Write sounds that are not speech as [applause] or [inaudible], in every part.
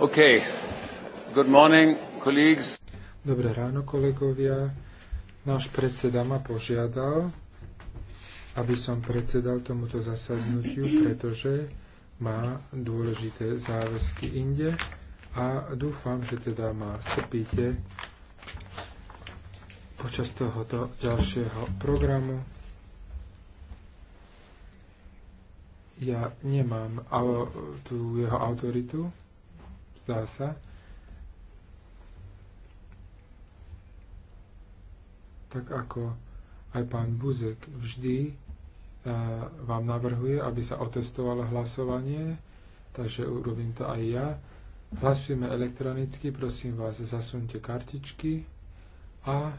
Okay. Good morning, colleagues. Dobré ráno, kolegovia. Náš predseda ma požiadal, aby som predsedal tomuto zasadnutiu, pretože má dôležité záväzky inde a dúfam, že teda ma strpíte počas tohoto ďalšieho programu. ja nemám tú jeho autoritu, zdá sa. Tak ako aj pán Buzek vždy eh, vám navrhuje, aby sa otestovalo hlasovanie, takže urobím to aj ja. Hlasujeme elektronicky, prosím vás, zasunte kartičky a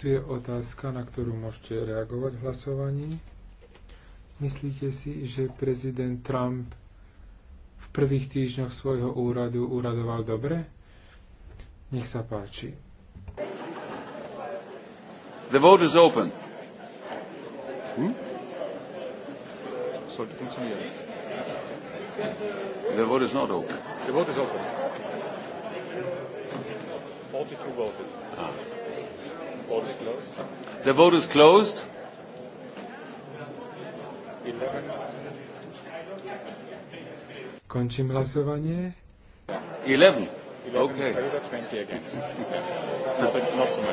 tu je otázka, na ktorú môžete reagovať v hlasovaní. Myslíte si, že prezident Trump prvých týždňoch svojho úradu úradoval dobre? Nech sa páči. The vote is open. Hm? The vote is not open. The vote is open. 42 voted. Ah. The vote is closed. The vote is closed. 11 Končím hlasovanie. 11. Okay. [laughs]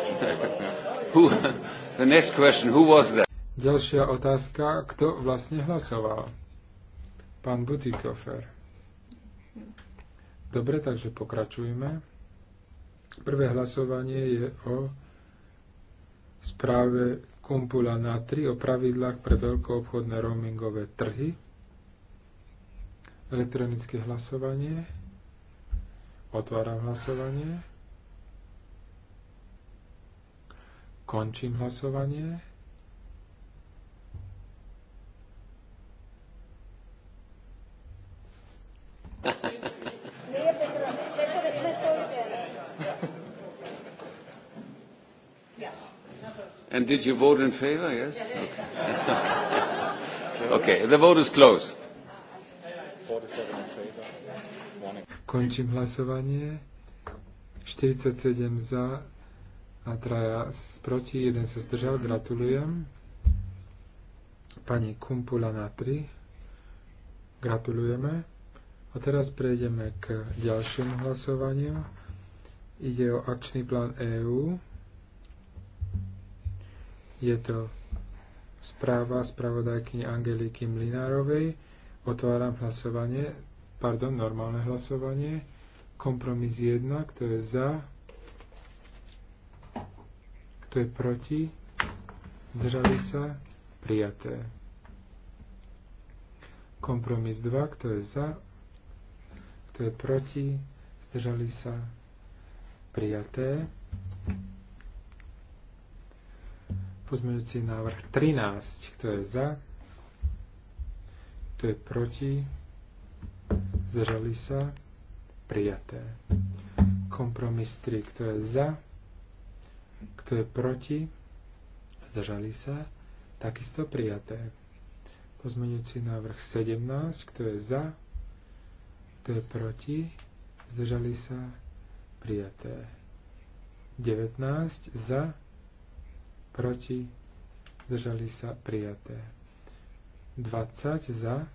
[laughs] Who, the next question, who was that? Ďalšia otázka, kto vlastne hlasoval? Pán Butikofer. Dobre, takže pokračujeme. Prvé hlasovanie je o správe Kumpula na 3 o pravidlách pre veľkoobchodné roamingové trhy. Elektronické hlasovanie. Otváram hlasovanie. Končím hlasovanie. And did you vote in favor? Yes? Okay. [laughs] okay, the vote is closed. Končím hlasovanie. 47 za a traja proti, jeden sa zdržal. Gratulujem. Pani Kumpula na 3. Gratulujeme. A teraz prejdeme k ďalšiemu hlasovaniu. Ide o akčný plán EÚ. Je to správa spravodajkyne Angeliky Mlinárovej. Otváram hlasovanie pardon, normálne hlasovanie. Kompromis 1, kto je za, kto je proti, zdržali sa, prijaté. Kompromis 2, kto je za, kto je proti, zdržali sa, prijaté. Pozmeňujúci návrh 13, kto je za, kto je proti, zdržali sa, prijaté. Kompromis 3, kto je za, kto je proti, zdržali sa, takisto prijaté. Pozmeňujúci návrh 17, kto je za, kto je proti, zdržali sa, prijaté. 19 za, proti, zdržali sa, prijaté. 20 za,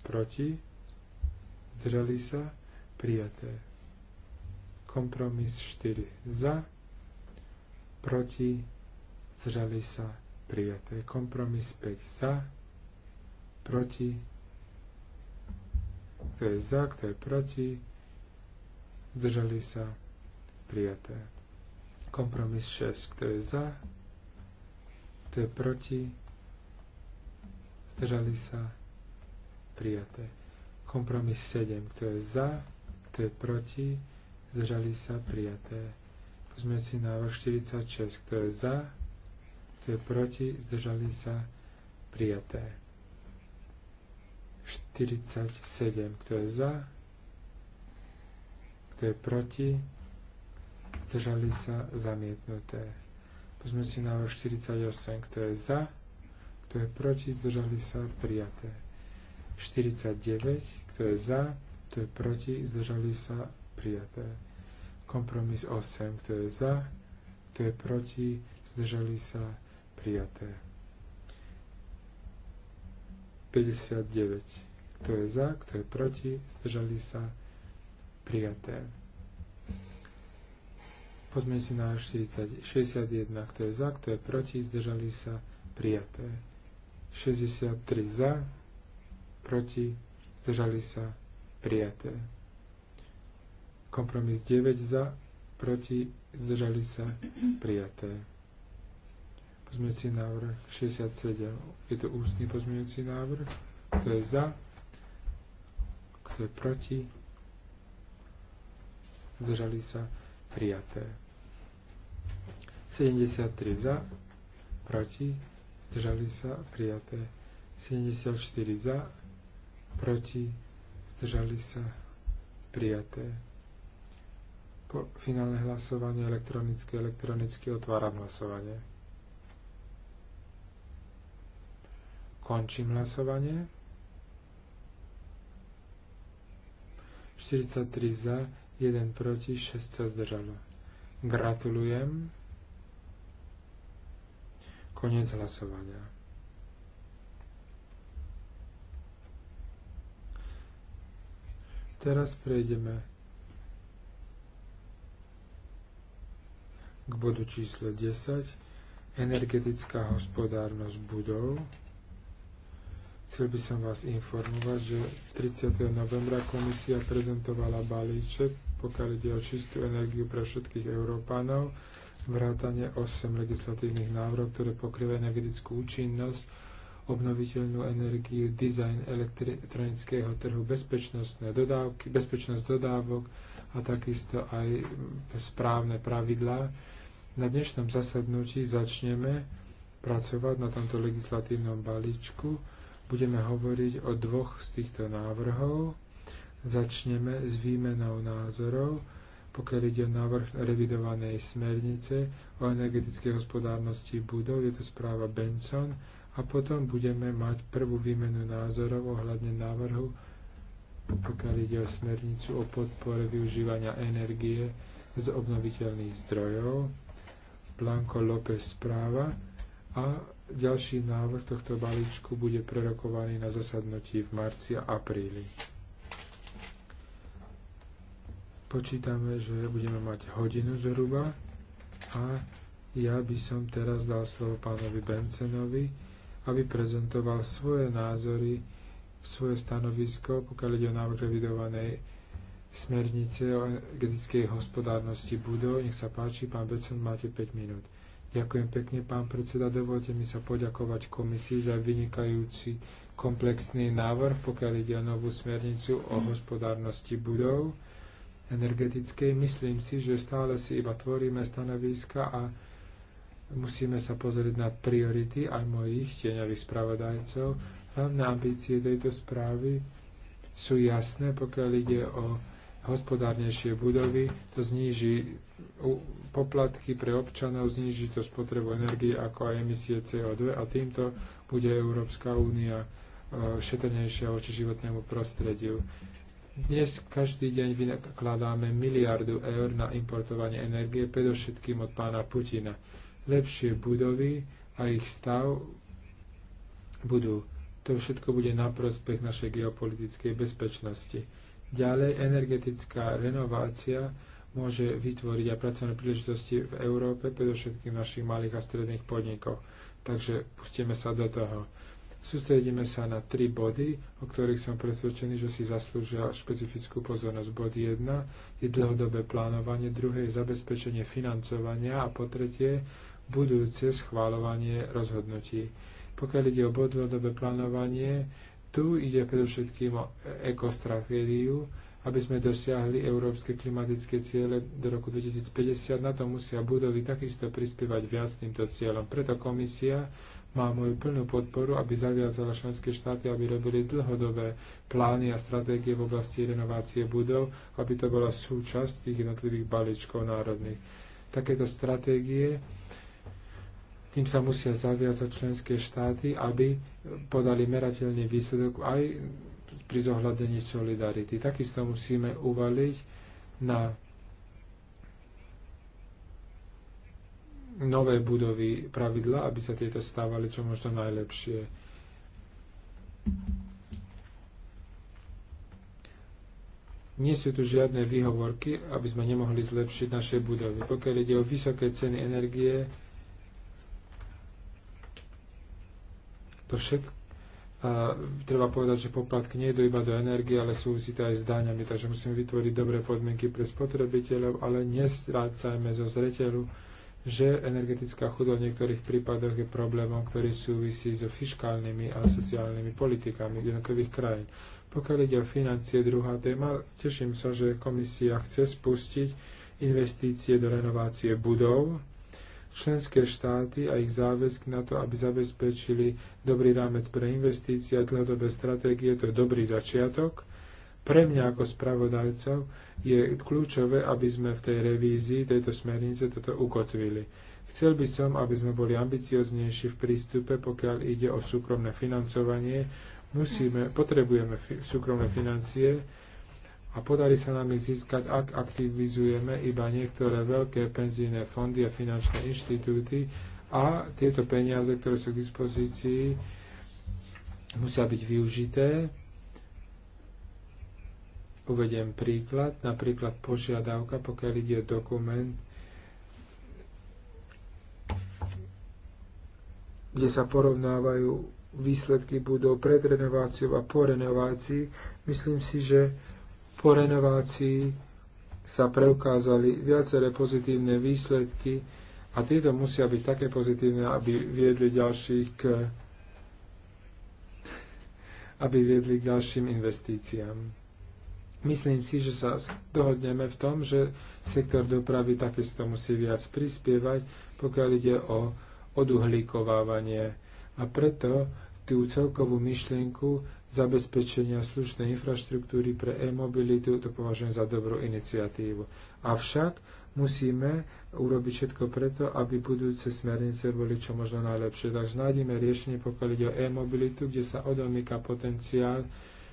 proti, zdržali sa, prijaté. Kompromis 4 za, proti, zdržali sa, prijaté. Kompromis 5 za, proti, kto je za, kto je proti, zdržali sa, prijaté. Kompromis 6, kto je za, kto je proti, zdržali sa, prijaté Kompromis 7. Kto je za? Kto je proti? Zdržali sa prijaté. Pozmeňujúci návrh 46. Kto je za? Kto je proti? Zdržali sa prijaté. 47. Kto je za? Kto je proti? Zdržali sa zamietnuté. Pozmeňujúci návrh 48. Kto je za? Kto je proti? Zdržali sa prijaté. 49, kto je za, kto je proti, zdržali sa, prijaté. Kompromis 8, kto je za, kto je proti, zdržali sa, prijaté. 59, kto je za, kto je proti, zdržali sa, prijaté. Poďme si na 40, 61, kto je za, kto je proti, zdržali sa, prijaté. 63 za, proti, zdržali sa, prijaté. Kompromis 9 za, proti, zdržali sa, prijaté. Pozmeňujúci návrh 67. Je to ústny pozmeňujúci návrh. Kto je za? Kto je proti? Zdržali sa, prijaté. 73 za, proti, zdržali sa, prijaté. 74 za, proti, zdržali sa, prijaté. Po finálne hlasovanie elektronicky, elektronicky otváram hlasovanie. Končím hlasovanie. 43 za, 1 proti, 6 sa zdržalo. Gratulujem. Koniec hlasovania. teraz prejdeme k bodu číslo 10, energetická hospodárnosť budov. Chcel by som vás informovať, že 30. novembra komisia prezentovala balíček, pokiaľ ide o čistú energiu pre všetkých Európanov, vrátane 8 legislatívnych návrhov, ktoré pokrývajú energetickú účinnosť, obnoviteľnú energiu, dizajn elektronického trhu, bezpečnostné dodávky, bezpečnosť dodávok a takisto aj správne pravidlá. Na dnešnom zasadnutí začneme pracovať na tomto legislatívnom balíčku. Budeme hovoriť o dvoch z týchto návrhov. Začneme s výmenou názorov, pokiaľ ide o návrh revidovanej smernice o energetickej hospodárnosti budov. Je to správa Benson a potom budeme mať prvú výmenu názorov ohľadne návrhu, pokiaľ ide o smernicu o podpore využívania energie z obnoviteľných zdrojov, Blanco López správa a ďalší návrh tohto balíčku bude prerokovaný na zasadnutí v marci a apríli. Počítame, že budeme mať hodinu zhruba a ja by som teraz dal slovo pánovi Bencenovi, aby prezentoval svoje názory, svoje stanovisko, pokiaľ ide o návrh revidovanej smernice o energetickej hospodárnosti budov. Nech sa páči, pán Becon, máte 5 minút. Ďakujem pekne, pán predseda. Dovolte mi sa poďakovať komisii za vynikajúci komplexný návrh, pokiaľ ide o novú smernicu o mm. hospodárnosti budov energetickej. Myslím si, že stále si iba tvoríme stanoviska a Musíme sa pozrieť na priority aj mojich tieňových spravodajcov. Hlavné ambície tejto správy sú jasné, pokiaľ ide o hospodárnejšie budovy, to zníži poplatky pre občanov, zníži to spotrebu energie ako aj emisie CO2 a týmto bude Európska únia e, šetrnejšia voči životnému prostrediu. Dnes každý deň vynakladáme miliardu eur na importovanie energie, predovšetkým od pána Putina lepšie budovy a ich stav budú. To všetko bude na prospech našej geopolitickej bezpečnosti. Ďalej, energetická renovácia môže vytvoriť aj pracovné príležitosti v Európe, predovšetkým v našich malých a stredných podnikoch. Takže pustíme sa do toho. Sústredíme sa na tri body, o ktorých som presvedčený, že si zaslúžia špecifickú pozornosť. Bod 1 je dlhodobé plánovanie, druhé je zabezpečenie financovania a po tretie budúce schváľovanie rozhodnutí. Pokiaľ ide o dlhodobé plánovanie, tu ide predovšetkým o ekostratégiu, aby sme dosiahli európske klimatické ciele do roku 2050. Na to musia budovy takisto prispievať viac týmto cieľom. Preto komisia má moju plnú podporu, aby zaviazala členské štáty, aby robili dlhodobé plány a stratégie v oblasti renovácie budov, aby to bola súčasť tých jednotlivých balíčkov národných. Takéto stratégie tým sa musia zaviazať členské štáty, aby podali merateľný výsledok aj pri zohľadení solidarity. Takisto musíme uvaliť na nové budovy pravidla, aby sa tieto stávali čo možno najlepšie. Nie sú tu žiadne výhovorky, aby sme nemohli zlepšiť naše budovy. Pokiaľ ide o vysoké ceny energie, To všetko a treba povedať, že poplatky nie idú iba do energie, ale súvisí to aj s daňami, takže musíme vytvoriť dobré podmienky pre spotrebiteľov, ale nestrácajme zo zreteľu, že energetická chudo v niektorých prípadoch je problémom, ktorý súvisí so fiskálnymi a sociálnymi politikami jednotlivých krajín. Pokiaľ ide o financie, druhá téma, teším sa, že komisia chce spustiť investície do renovácie budov, členské štáty a ich záväzk na to, aby zabezpečili dobrý rámec pre investície a dlhodobé stratégie, to je dobrý začiatok. Pre mňa ako spravodajcov je kľúčové, aby sme v tej revízii tejto smernice toto ukotvili. Chcel by som, aby sme boli ambicioznejší v prístupe, pokiaľ ide o súkromné financovanie. Musíme, potrebujeme fi- súkromné financie, a podarí sa nám ich získať, ak aktivizujeme iba niektoré veľké penzíne fondy a finančné inštitúty a tieto peniaze, ktoré sú k dispozícii, musia byť využité. Uvediem príklad, napríklad požiadavka, pokiaľ ide dokument kde sa porovnávajú výsledky budov pred renováciou a po renovácii, myslím si, že po renovácii sa preukázali viaceré pozitívne výsledky a tieto musia byť také pozitívne, aby viedli ďalších k aby viedli k ďalším investíciám. Myslím si, že sa dohodneme v tom, že sektor dopravy takisto musí viac prispievať, pokiaľ ide o oduhlíkovávanie. A preto tú celkovú myšlienku zabezpečenia slušnej infraštruktúry pre e-mobilitu, to považujem za dobrú iniciatívu. Avšak musíme urobiť všetko preto, aby budúce smernice boli čo možno najlepšie. Takže nájdeme riešenie, pokiaľ ide o e-mobilitu, kde sa odomýka potenciál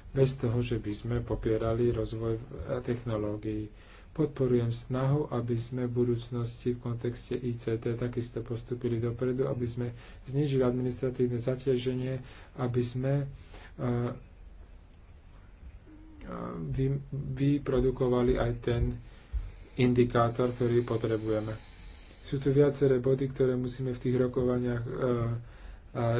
bez toho, že by sme popierali rozvoj technológií. Podporujem snahu, aby sme v budúcnosti v kontexte ICT takisto postupili dopredu, aby sme znižili administratívne zaťaženie, aby sme eh, eh, vy, vyprodukovali aj ten indikátor, ktorý potrebujeme. Sú tu viaceré body, ktoré musíme v tých rokovaniach eh,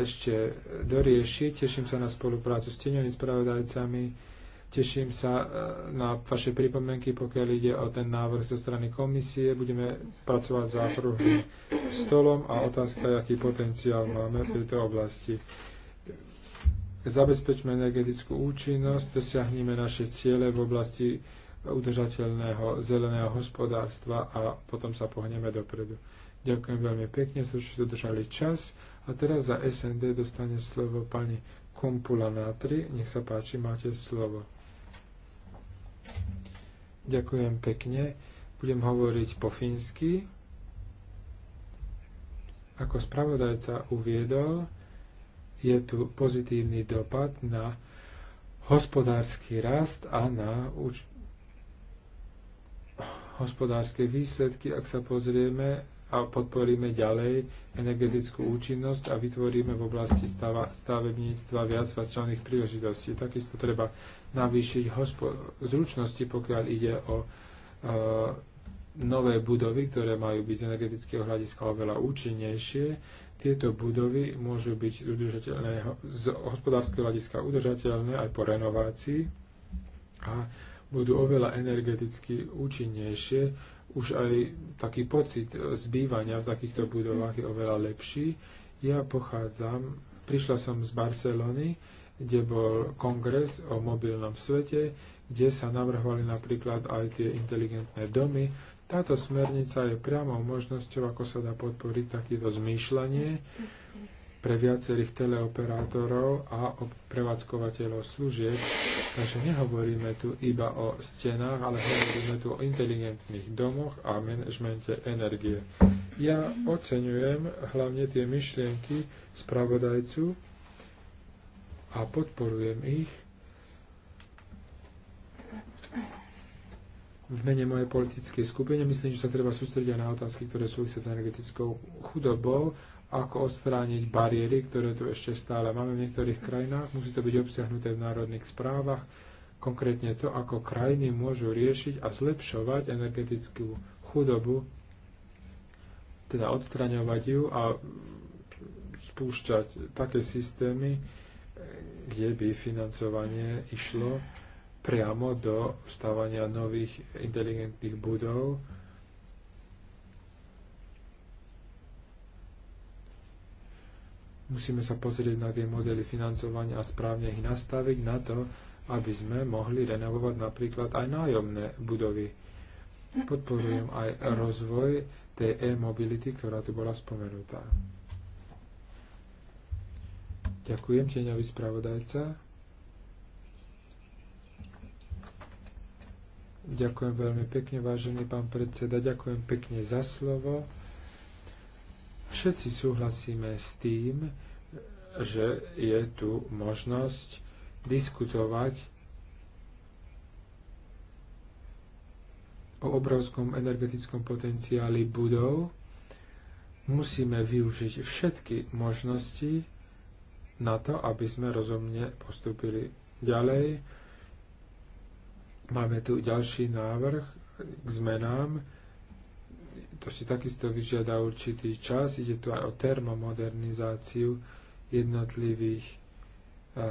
ešte doriešiť. Teším sa na spoluprácu s teňovými spravodajcami Teším sa e, na vaše pripomienky, pokiaľ ide o ten návrh zo strany komisie. Budeme pracovať za prvým stolom a otázka aký potenciál máme v tejto oblasti. Zabezpečme energetickú účinnosť, dosiahneme naše ciele v oblasti udržateľného zeleného hospodárstva a potom sa pohneme dopredu. Ďakujem veľmi pekne, že ste dodržali čas. A teraz za SND dostane slovo pani Kumpula Natri. Nech sa páči, máte slovo. Ďakujem pekne. Budem hovoriť po fínsky. Ako spravodajca uviedol, je tu pozitívny dopad na hospodársky rast a na hospodárske výsledky, ak sa pozrieme a podporíme ďalej energetickú účinnosť a vytvoríme v oblasti stava, stavebníctva viac vlastných príležitostí. Takisto treba navýšiť zručnosti, pokiaľ ide o e, nové budovy, ktoré majú byť z energetického hľadiska oveľa účinnejšie. Tieto budovy môžu byť z hospodárskeho hľadiska udržateľné aj po renovácii a budú oveľa energeticky účinnejšie už aj taký pocit zbývania v takýchto budovách je oveľa lepší. Ja pochádzam, prišla som z Barcelony, kde bol kongres o mobilnom svete, kde sa navrhovali napríklad aj tie inteligentné domy. Táto smernica je priamou možnosťou, ako sa dá podporiť takéto zmýšľanie pre viacerých teleoperátorov a prevádzkovateľov služieb. Takže nehovoríme tu iba o stenách, ale hovoríme tu o inteligentných domoch a manažmente energie. Ja oceňujem hlavne tie myšlienky spravodajcu a podporujem ich. v mene mojej politickej skupine. Myslím, že sa treba sústrediť aj na otázky, ktoré súvisia s energetickou chudobou ako odstrániť bariéry, ktoré tu ešte stále máme v niektorých krajinách. Musí to byť obsiahnuté v národných správach, konkrétne to, ako krajiny môžu riešiť a zlepšovať energetickú chudobu, teda odstraňovať ju a spúšťať také systémy, kde by financovanie išlo priamo do stavania nových inteligentných budov, Musíme sa pozrieť na tie modely financovania a správne ich nastaviť na to, aby sme mohli renovovať napríklad aj nájomné budovy. Podporujem aj rozvoj tej e-mobility, ktorá tu bola spomenutá. Ďakujem, tieňový spravodajca. Ďakujem veľmi pekne, vážený pán predseda. Ďakujem pekne za slovo. Všetci súhlasíme s tým, že je tu možnosť diskutovať o obrovskom energetickom potenciáli budov. Musíme využiť všetky možnosti na to, aby sme rozumne postupili ďalej. Máme tu ďalší návrh k zmenám to si takisto vyžiada určitý čas. Ide tu aj o termomodernizáciu jednotlivých e,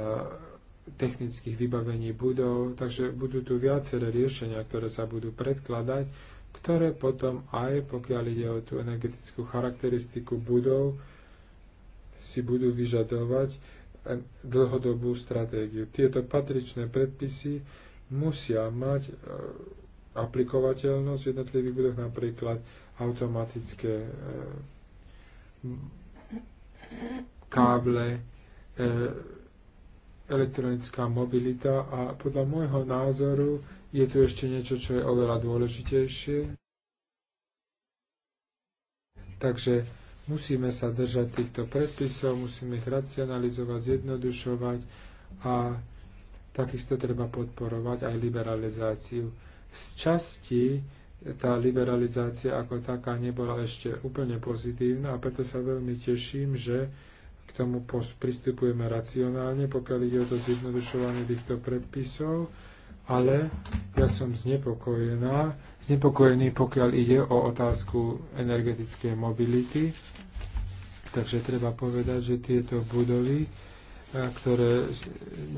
technických vybavení budov, takže budú tu viaceré riešenia, ktoré sa budú predkladať, ktoré potom aj, pokiaľ ide o tú energetickú charakteristiku budov, si budú vyžadovať e, dlhodobú stratégiu. Tieto patričné predpisy musia mať e, aplikovateľnosť v jednotlivých budoch, napríklad automatické e, káble, e, elektronická mobilita a podľa môjho názoru je tu ešte niečo, čo je oveľa dôležitejšie. Takže musíme sa držať týchto predpisov, musíme ich racionalizovať, zjednodušovať a takisto treba podporovať aj liberalizáciu. Z časti tá liberalizácia ako taká nebola ešte úplne pozitívna a preto sa veľmi teším, že k tomu pristupujeme racionálne, pokiaľ ide o to zjednodušovanie týchto predpisov, ale ja som znepokojená, znepokojený, pokiaľ ide o otázku energetickej mobility. Takže treba povedať, že tieto budovy, e, ktoré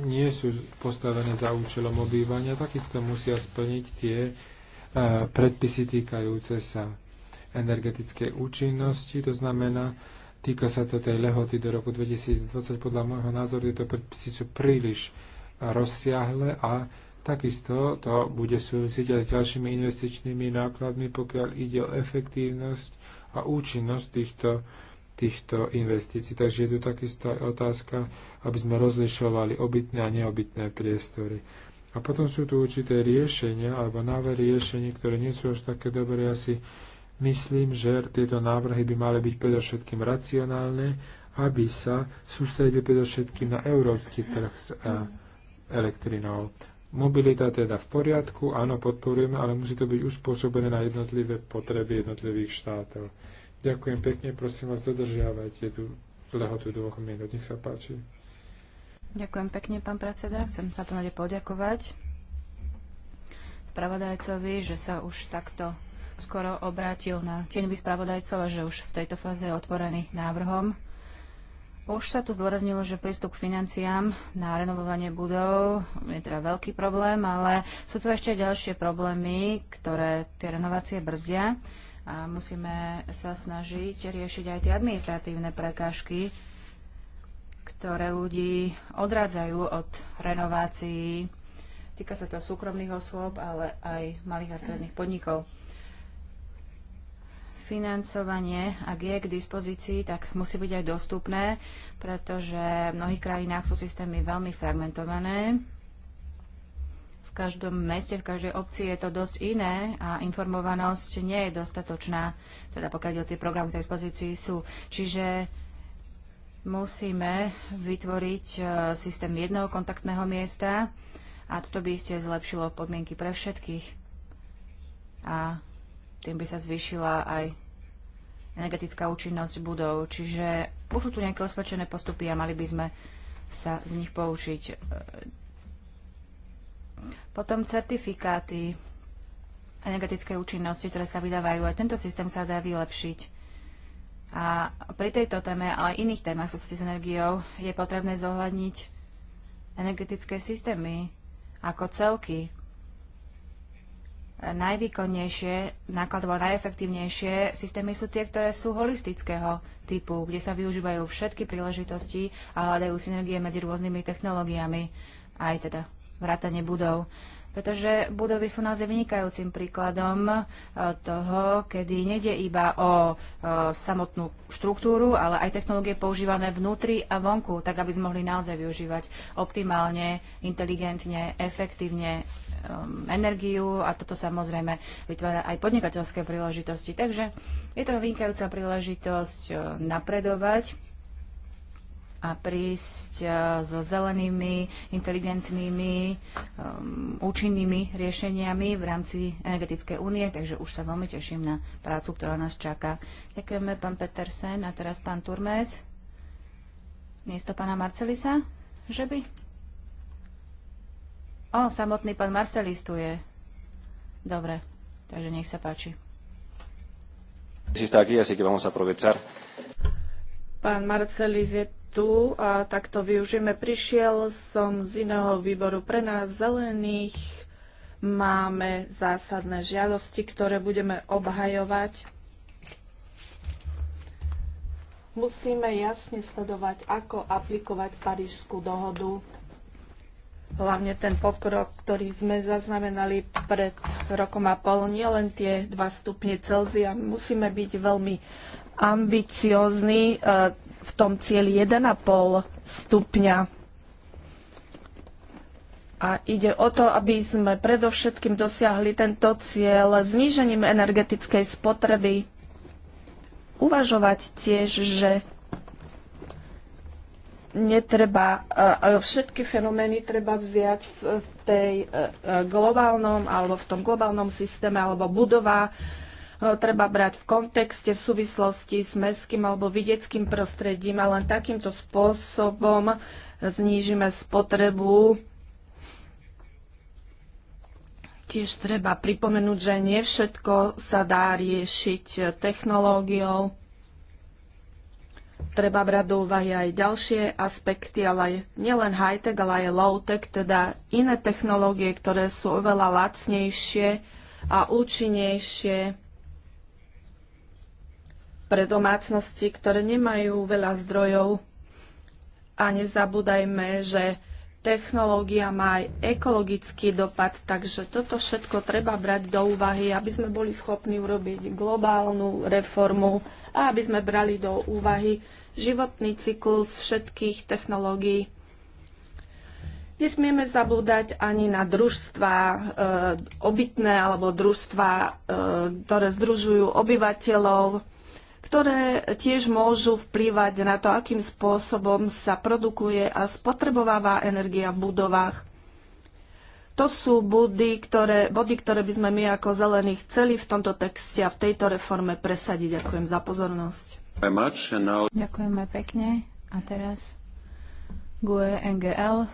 nie sú postavené za účelom obývania, takisto musia splniť tie predpisy týkajúce sa energetickej účinnosti, to znamená, týka sa to tej lehoty do roku 2020. Podľa môjho názoru tieto predpisy sú príliš rozsiahle a takisto to bude súvisieť aj s ďalšími investičnými nákladmi, pokiaľ ide o efektívnosť a účinnosť týchto, týchto investícií. Takže je tu takisto aj otázka, aby sme rozlišovali obytné a neobytné priestory. A potom sú tu určité riešenia alebo návrhy riešení, ktoré nie sú až také dobré. Ja si myslím, že tieto návrhy by mali byť predovšetkým racionálne, aby sa sústredili predovšetkým na európsky trh s e, elektrinou. Mobilita teda v poriadku, áno, podporujeme, ale musí to byť uspôsobené na jednotlivé potreby jednotlivých štátov. Ďakujem pekne, prosím vás, dodržiavajte tú lehotu dvoch minút, nech sa páči. Ďakujem pekne, pán predseda. Chcem sa prvom poďakovať spravodajcovi, že sa už takto skoro obrátil na tieňových spravodajcov a že už v tejto fáze je otvorený návrhom. Už sa tu zdôraznilo, že prístup k financiám na renovovanie budov je teda veľký problém, ale sú tu ešte ďalšie problémy, ktoré tie renovácie brzdia a musíme sa snažiť riešiť aj tie administratívne prekážky, ktoré ľudí odrádzajú od renovácií. Týka sa to súkromných osôb, ale aj malých a stredných podnikov. Financovanie, ak je k dispozícii, tak musí byť aj dostupné, pretože v mnohých krajinách sú systémy veľmi fragmentované. V každom meste, v každej obci je to dosť iné a informovanosť nie je dostatočná, teda pokiaľ tie programy k dispozícii sú. Čiže musíme vytvoriť e, systém jedného kontaktného miesta a toto by ste zlepšilo podmienky pre všetkých a tým by sa zvýšila aj energetická účinnosť budov. Čiže už sú tu nejaké osvedčené postupy a mali by sme sa z nich poučiť. E, potom certifikáty energetickej účinnosti, ktoré sa vydávajú, aj tento systém sa dá vylepšiť. A pri tejto téme, ale aj iných témach súvisí s energiou, je potrebné zohľadniť energetické systémy ako celky. Najvýkonnejšie, nákladovo najefektívnejšie systémy sú tie, ktoré sú holistického typu, kde sa využívajú všetky príležitosti a hľadajú synergie medzi rôznymi technológiami, aj teda vrátanie budov pretože budovy sú naozaj vynikajúcim príkladom e, toho, kedy nejde iba o e, samotnú štruktúru, ale aj technológie používané vnútri a vonku, tak aby sme mohli naozaj využívať optimálne, inteligentne, efektívne e, energiu a toto samozrejme vytvára aj podnikateľské príležitosti. Takže je to vynikajúca príležitosť napredovať a prísť e, so zelenými, inteligentnými, um, účinnými riešeniami v rámci energetickej únie, takže už sa veľmi teším na prácu, ktorá nás čaká. Ďakujeme, pán Petersen a teraz pán Turmes. Miesto pána Marcelisa, že by? O, samotný pán Marcelis tu je. Dobre, takže nech sa páči. Si está aquí, así que vamos a aprovechar. Pán Marcelis je tu a takto využijeme. Prišiel som z iného výboru pre nás zelených. Máme zásadné žiadosti, ktoré budeme obhajovať. Musíme jasne sledovať, ako aplikovať Parížskú dohodu. Hlavne ten pokrok, ktorý sme zaznamenali pred rokom a pol, nie len tie 2 stupne Celzia. Musíme byť veľmi ambiciózny e, v tom cieli 1,5 stupňa. A ide o to, aby sme predovšetkým dosiahli tento cieľ znížením energetickej spotreby. Uvažovať tiež, že netreba, e, e, všetky fenomény treba vziať v tej e, globálnom alebo v tom globálnom systéme alebo budova E, treba brať v kontexte, v súvislosti s mestským alebo vidieckým prostredím a len takýmto spôsobom znížime spotrebu. Tiež treba pripomenúť, že nie všetko sa dá riešiť technológiou. Treba brať do úvahy aj ďalšie aspekty, ale nielen high-tech, ale aj low-tech, teda iné technológie, ktoré sú oveľa lacnejšie a účinnejšie pre domácnosti, ktoré nemajú veľa zdrojov. A nezabúdajme, že technológia má aj ekologický dopad, takže toto všetko treba brať do úvahy, aby sme boli schopní urobiť globálnu reformu a aby sme brali do úvahy životný cyklus všetkých technológií. Nesmieme zabúdať ani na družstva e, obytné alebo družstva, e, ktoré združujú obyvateľov, ktoré tiež môžu vplývať na to, akým spôsobom sa produkuje a spotrebováva energia v budovách. To sú body, ktoré, body, ktoré by sme my ako zelení chceli v tomto texte a v tejto reforme presadiť. Ďakujem za pozornosť. Ďakujeme pekne. A teraz GUE NGL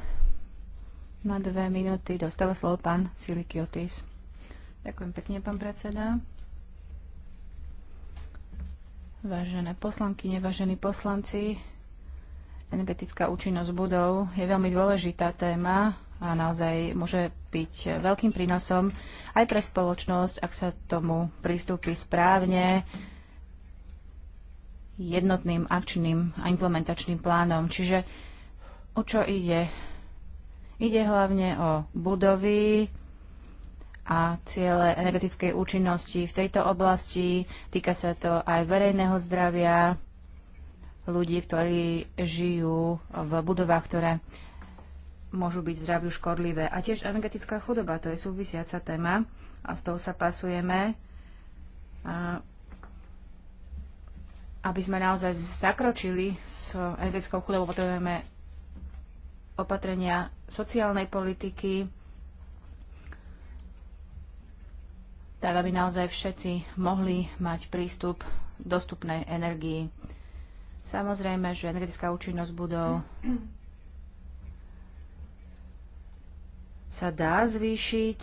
má dve minúty dostáva slovo pán Silikiotis. Ďakujem pekne, pán predseda. Vážené poslanky, nevážení poslanci, energetická účinnosť budov je veľmi dôležitá téma a naozaj môže byť veľkým prínosom aj pre spoločnosť, ak sa tomu prístupí správne, jednotným akčným a implementačným plánom. Čiže o čo ide? Ide hlavne o budovy, a ciele energetickej účinnosti v tejto oblasti. Týka sa to aj verejného zdravia ľudí, ktorí žijú v budovách, ktoré môžu byť zdraviu škodlivé. A tiež energetická chudoba, to je súvisiaca téma a s tou sa pasujeme. A aby sme naozaj zakročili s energetickou chudobou, potrebujeme opatrenia sociálnej politiky, tak aby naozaj všetci mohli mať prístup dostupnej energii. Samozrejme, že energetická účinnosť budov sa dá zvýšiť,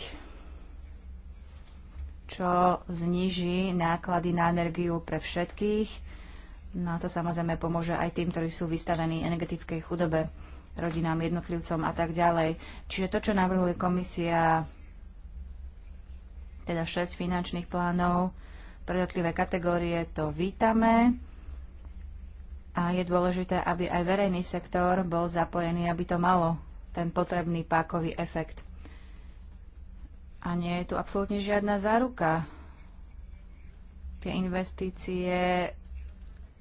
čo zniží náklady na energiu pre všetkých. No a to samozrejme pomôže aj tým, ktorí sú vystavení energetickej chudobe, rodinám, jednotlivcom a tak ďalej. Čiže to, čo navrhuje komisia, teda 6 finančných plánov pre jednotlivé kategórie, to vítame. A je dôležité, aby aj verejný sektor bol zapojený, aby to malo ten potrebný pákový efekt. A nie je tu absolútne žiadna záruka. Tie investície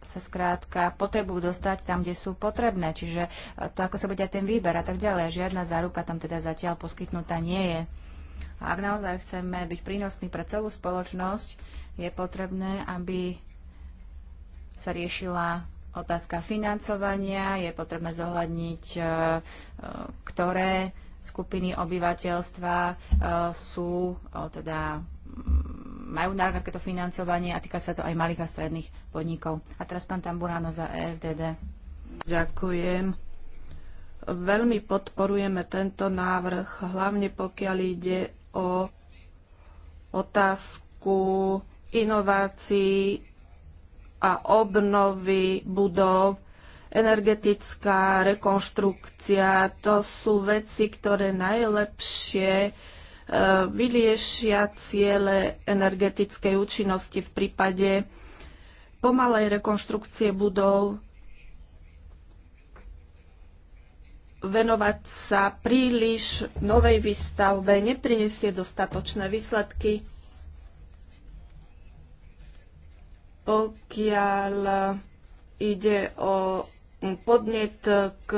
sa skrátka potrebujú dostať tam, kde sú potrebné. Čiže to, ako sa bude aj ten výber a tak ďalej. Žiadna záruka tam teda zatiaľ poskytnutá nie je. A ak naozaj chceme byť prínosní pre celú spoločnosť, je potrebné, aby sa riešila otázka financovania, je potrebné zohľadniť, e, e, ktoré skupiny obyvateľstva e, sú, teda majú nárok to financovanie a týka sa to aj malých a stredných podnikov. A teraz pán Tamburáno za EFDD. Ďakujem. Veľmi podporujeme tento návrh, hlavne pokiaľ ide o otázku inovácií a obnovy budov, energetická rekonštrukcia, to sú veci, ktoré najlepšie e, vyriešia ciele energetickej účinnosti v prípade pomalej rekonštrukcie budov venovať sa príliš novej výstavbe neprinesie dostatočné výsledky, pokiaľ ide o podnet k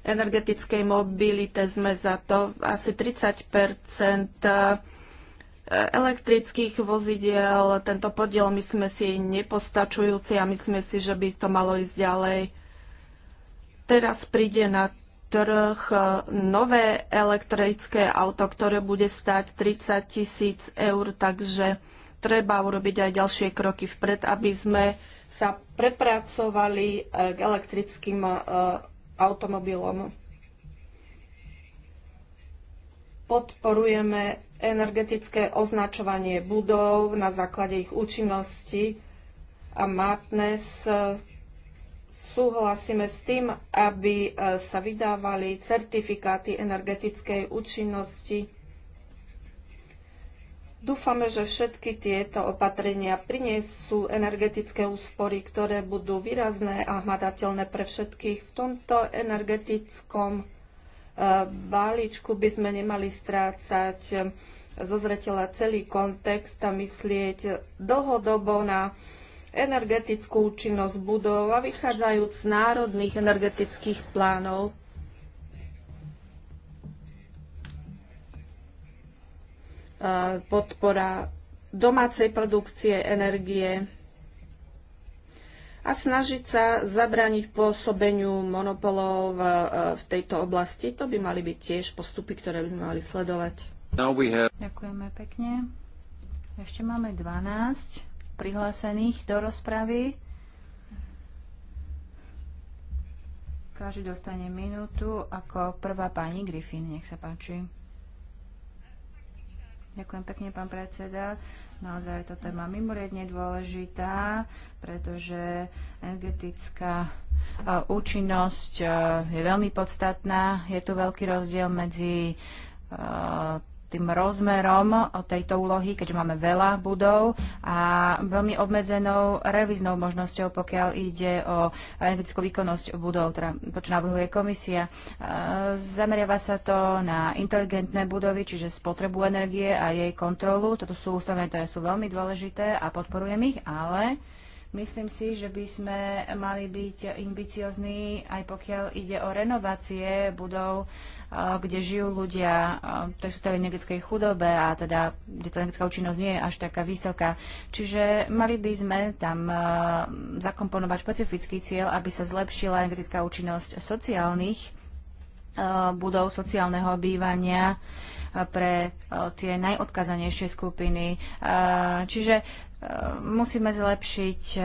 energetickej mobilite sme za to asi 30 elektrických vozidiel. Tento podiel my sme si nepostačujúci a myslím si, že by to malo ísť ďalej. Teraz príde na trh nové elektrické auto, ktoré bude stať 30 tisíc eur, takže treba urobiť aj ďalšie kroky vpred, aby sme sa prepracovali eh, k elektrickým eh, automobilom. Podporujeme energetické označovanie budov na základe ich účinnosti a Martnes súhlasíme s tým, aby e, sa vydávali certifikáty energetickej účinnosti. Dúfame, že všetky tieto opatrenia prinesú energetické úspory, ktoré budú výrazné a hmatateľné pre všetkých. V tomto energetickom e, balíčku by sme nemali strácať e, zo celý kontext a myslieť dlhodobo na energetickú účinnosť budov a vychádzajúc z národných energetických plánov. podpora domácej produkcie energie a snažiť sa zabrániť pôsobeniu monopolov e, v, tejto oblasti. To by mali byť tiež postupy, ktoré by sme mali sledovať. Ďakujeme pekne. Ešte máme 12 prihlásených do rozpravy. Každý dostane minútu ako prvá pani Griffin. Nech sa páči. Ďakujem pekne, pán predseda. Naozaj je to téma mimoriadne dôležitá, pretože energetická účinnosť je veľmi podstatná. Je tu veľký rozdiel medzi tým rozmerom tejto úlohy, keďže máme veľa budov a veľmi obmedzenou revíznou možnosťou, pokiaľ ide o energetickú výkonnosť budov, teda to, čo navrhuje komisia. Zameriava sa to na inteligentné budovy, čiže spotrebu energie a jej kontrolu. Toto sú ústavy, ktoré sú veľmi dôležité a podporujem ich, ale Myslím si, že by sme mali byť ambiciozní, aj pokiaľ ide o renovácie budov kde žijú ľudia, ktorí sú v energetickej chudobe a teda, kde tá energetická účinnosť nie je až taká vysoká. Čiže mali by sme tam zakomponovať špecifický cieľ, aby sa zlepšila energetická účinnosť sociálnych budov sociálneho bývania pre tie najodkazanejšie skupiny. Čiže musíme zlepšiť eh,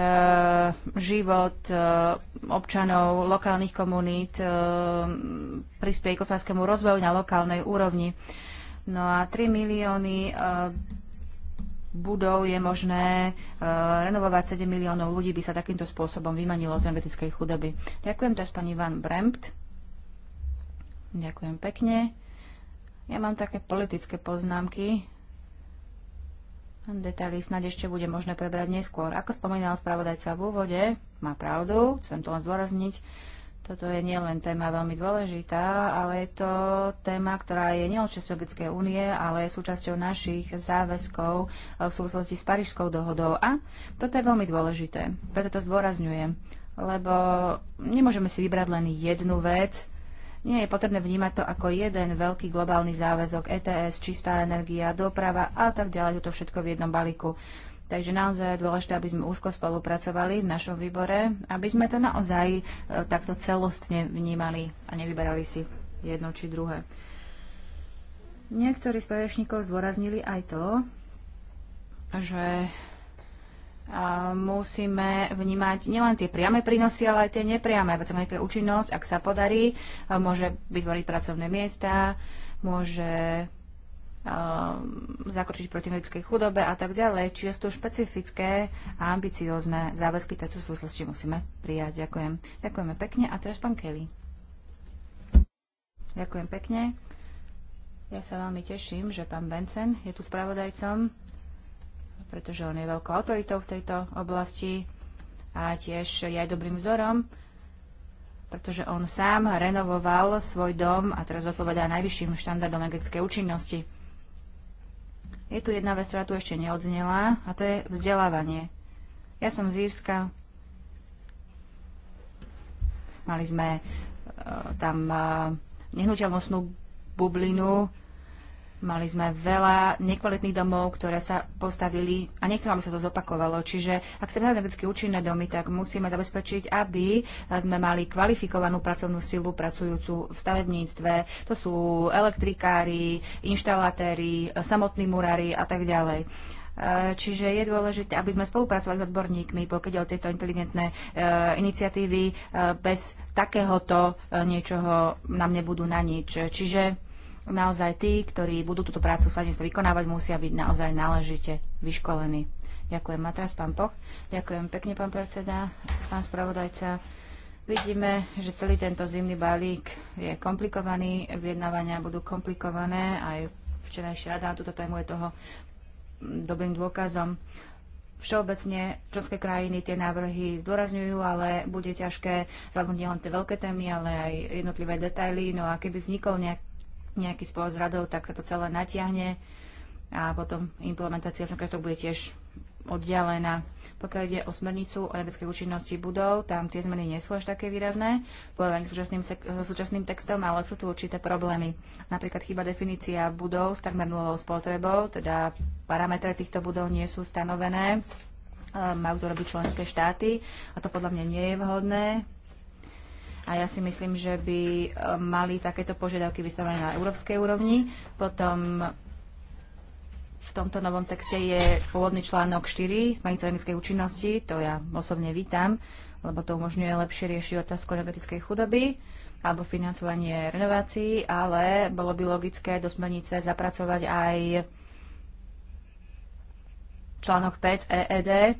život eh, občanov lokálnych komunít, eh, prispieť k otázkému rozvoju na lokálnej úrovni. No a 3 milióny budov je možné renovovať 7 miliónov ľudí by sa takýmto spôsobom vymanilo z energetickej chudoby. Ďakujem teraz pani Van Brempt. Ďakujem pekne. Ja mám také politické poznámky Detaily snad ešte bude možné prebrať neskôr. Ako spomínal spravodajca v úvode, má pravdu, chcem to len zdôrazniť, toto je nielen téma veľmi dôležitá, ale je to téma, ktorá je nielen Českej únie, ale je súčasťou našich záväzkov eh, v súvislosti s Parížskou dohodou. A toto je veľmi dôležité, preto to zdôrazňujem, lebo nemôžeme si vybrať len jednu vec, nie je potrebné vnímať to ako jeden veľký globálny záväzok, ETS, čistá energia, doprava a tak ďalej, to všetko v jednom balíku. Takže naozaj je dôležité, aby sme úzko spolupracovali v našom výbore, aby sme to naozaj e, takto celostne vnímali a nevyberali si jedno či druhé. Niektorí z zdôraznili aj to, že musíme vnímať nielen tie priame prínosy, ale aj tie nepriame. Veď nejaká účinnosť, ak sa podarí, môže vytvoriť pracovné miesta, môže zakročiť proti medickej chudobe a tak ďalej. Čiže sú to špecifické a ambiciózne záväzky tejto súvislosti musíme prijať. Ďakujem. Ďakujeme pekne. A teraz pán Kelly. Ďakujem pekne. Ja sa veľmi teším, že pán Bencen je tu spravodajcom pretože on je veľkou autoritou v tejto oblasti a tiež je aj dobrým vzorom, pretože on sám renovoval svoj dom a teraz odpovedá najvyšším štandardom energetickej účinnosti. Je tu jedna vec, ktorá tu ešte neodznela, a to je vzdelávanie. Ja som z Írska. Mali sme uh, tam uh, nehnuteľnostnú bublinu, Mali sme veľa nekvalitných domov, ktoré sa postavili a nechcem, aby sa to zopakovalo. Čiže ak chceme energeticky účinné domy, tak musíme zabezpečiť, aby sme mali kvalifikovanú pracovnú silu pracujúcu v stavebníctve. To sú elektrikári, inštalatéri, samotní murári a tak ďalej. E, čiže je dôležité, aby sme spolupracovali s odborníkmi, pokiaľ o tieto inteligentné e, iniciatívy e, bez takéhoto niečoho nám nebudú na nič. Čiže naozaj tí, ktorí budú túto prácu v vykonávať, musia byť naozaj náležite vyškolení. Ďakujem. A teraz pán Poch. Ďakujem pekne, pán predseda, pán spravodajca. Vidíme, že celý tento zimný balík je komplikovaný, vyjednávania budú komplikované, aj včerajšia rada túto tému je toho dobrým dôkazom. Všeobecne členské krajiny tie návrhy zdôrazňujú, ale bude ťažké zvládnuť nielen tie veľké témy, ale aj jednotlivé detaily. No a keby vznikol nejak, nejaký spor s radou, tak to celé natiahne a potom implementácia v to bude tiež oddialená. Pokiaľ ide o smernicu o energetickej účinnosti budov, tam tie zmeny nie sú až také výrazné, povedané súčasným, súčasným textom, ale sú tu určité problémy. Napríklad chyba definícia budov s takmer nulovou spotrebou, teda parametre týchto budov nie sú stanovené, majú to robiť členské štáty a to podľa mňa nie je vhodné, a ja si myslím, že by e, mali takéto požiadavky vystavené na európskej úrovni. Potom v tomto novom texte je pôvodný článok 4 smernice účinnosti, to ja osobne vítam, lebo to umožňuje lepšie riešiť otázku energetickej chudoby alebo financovanie renovácií, ale bolo by logické do smernice zapracovať aj článok 5 EED,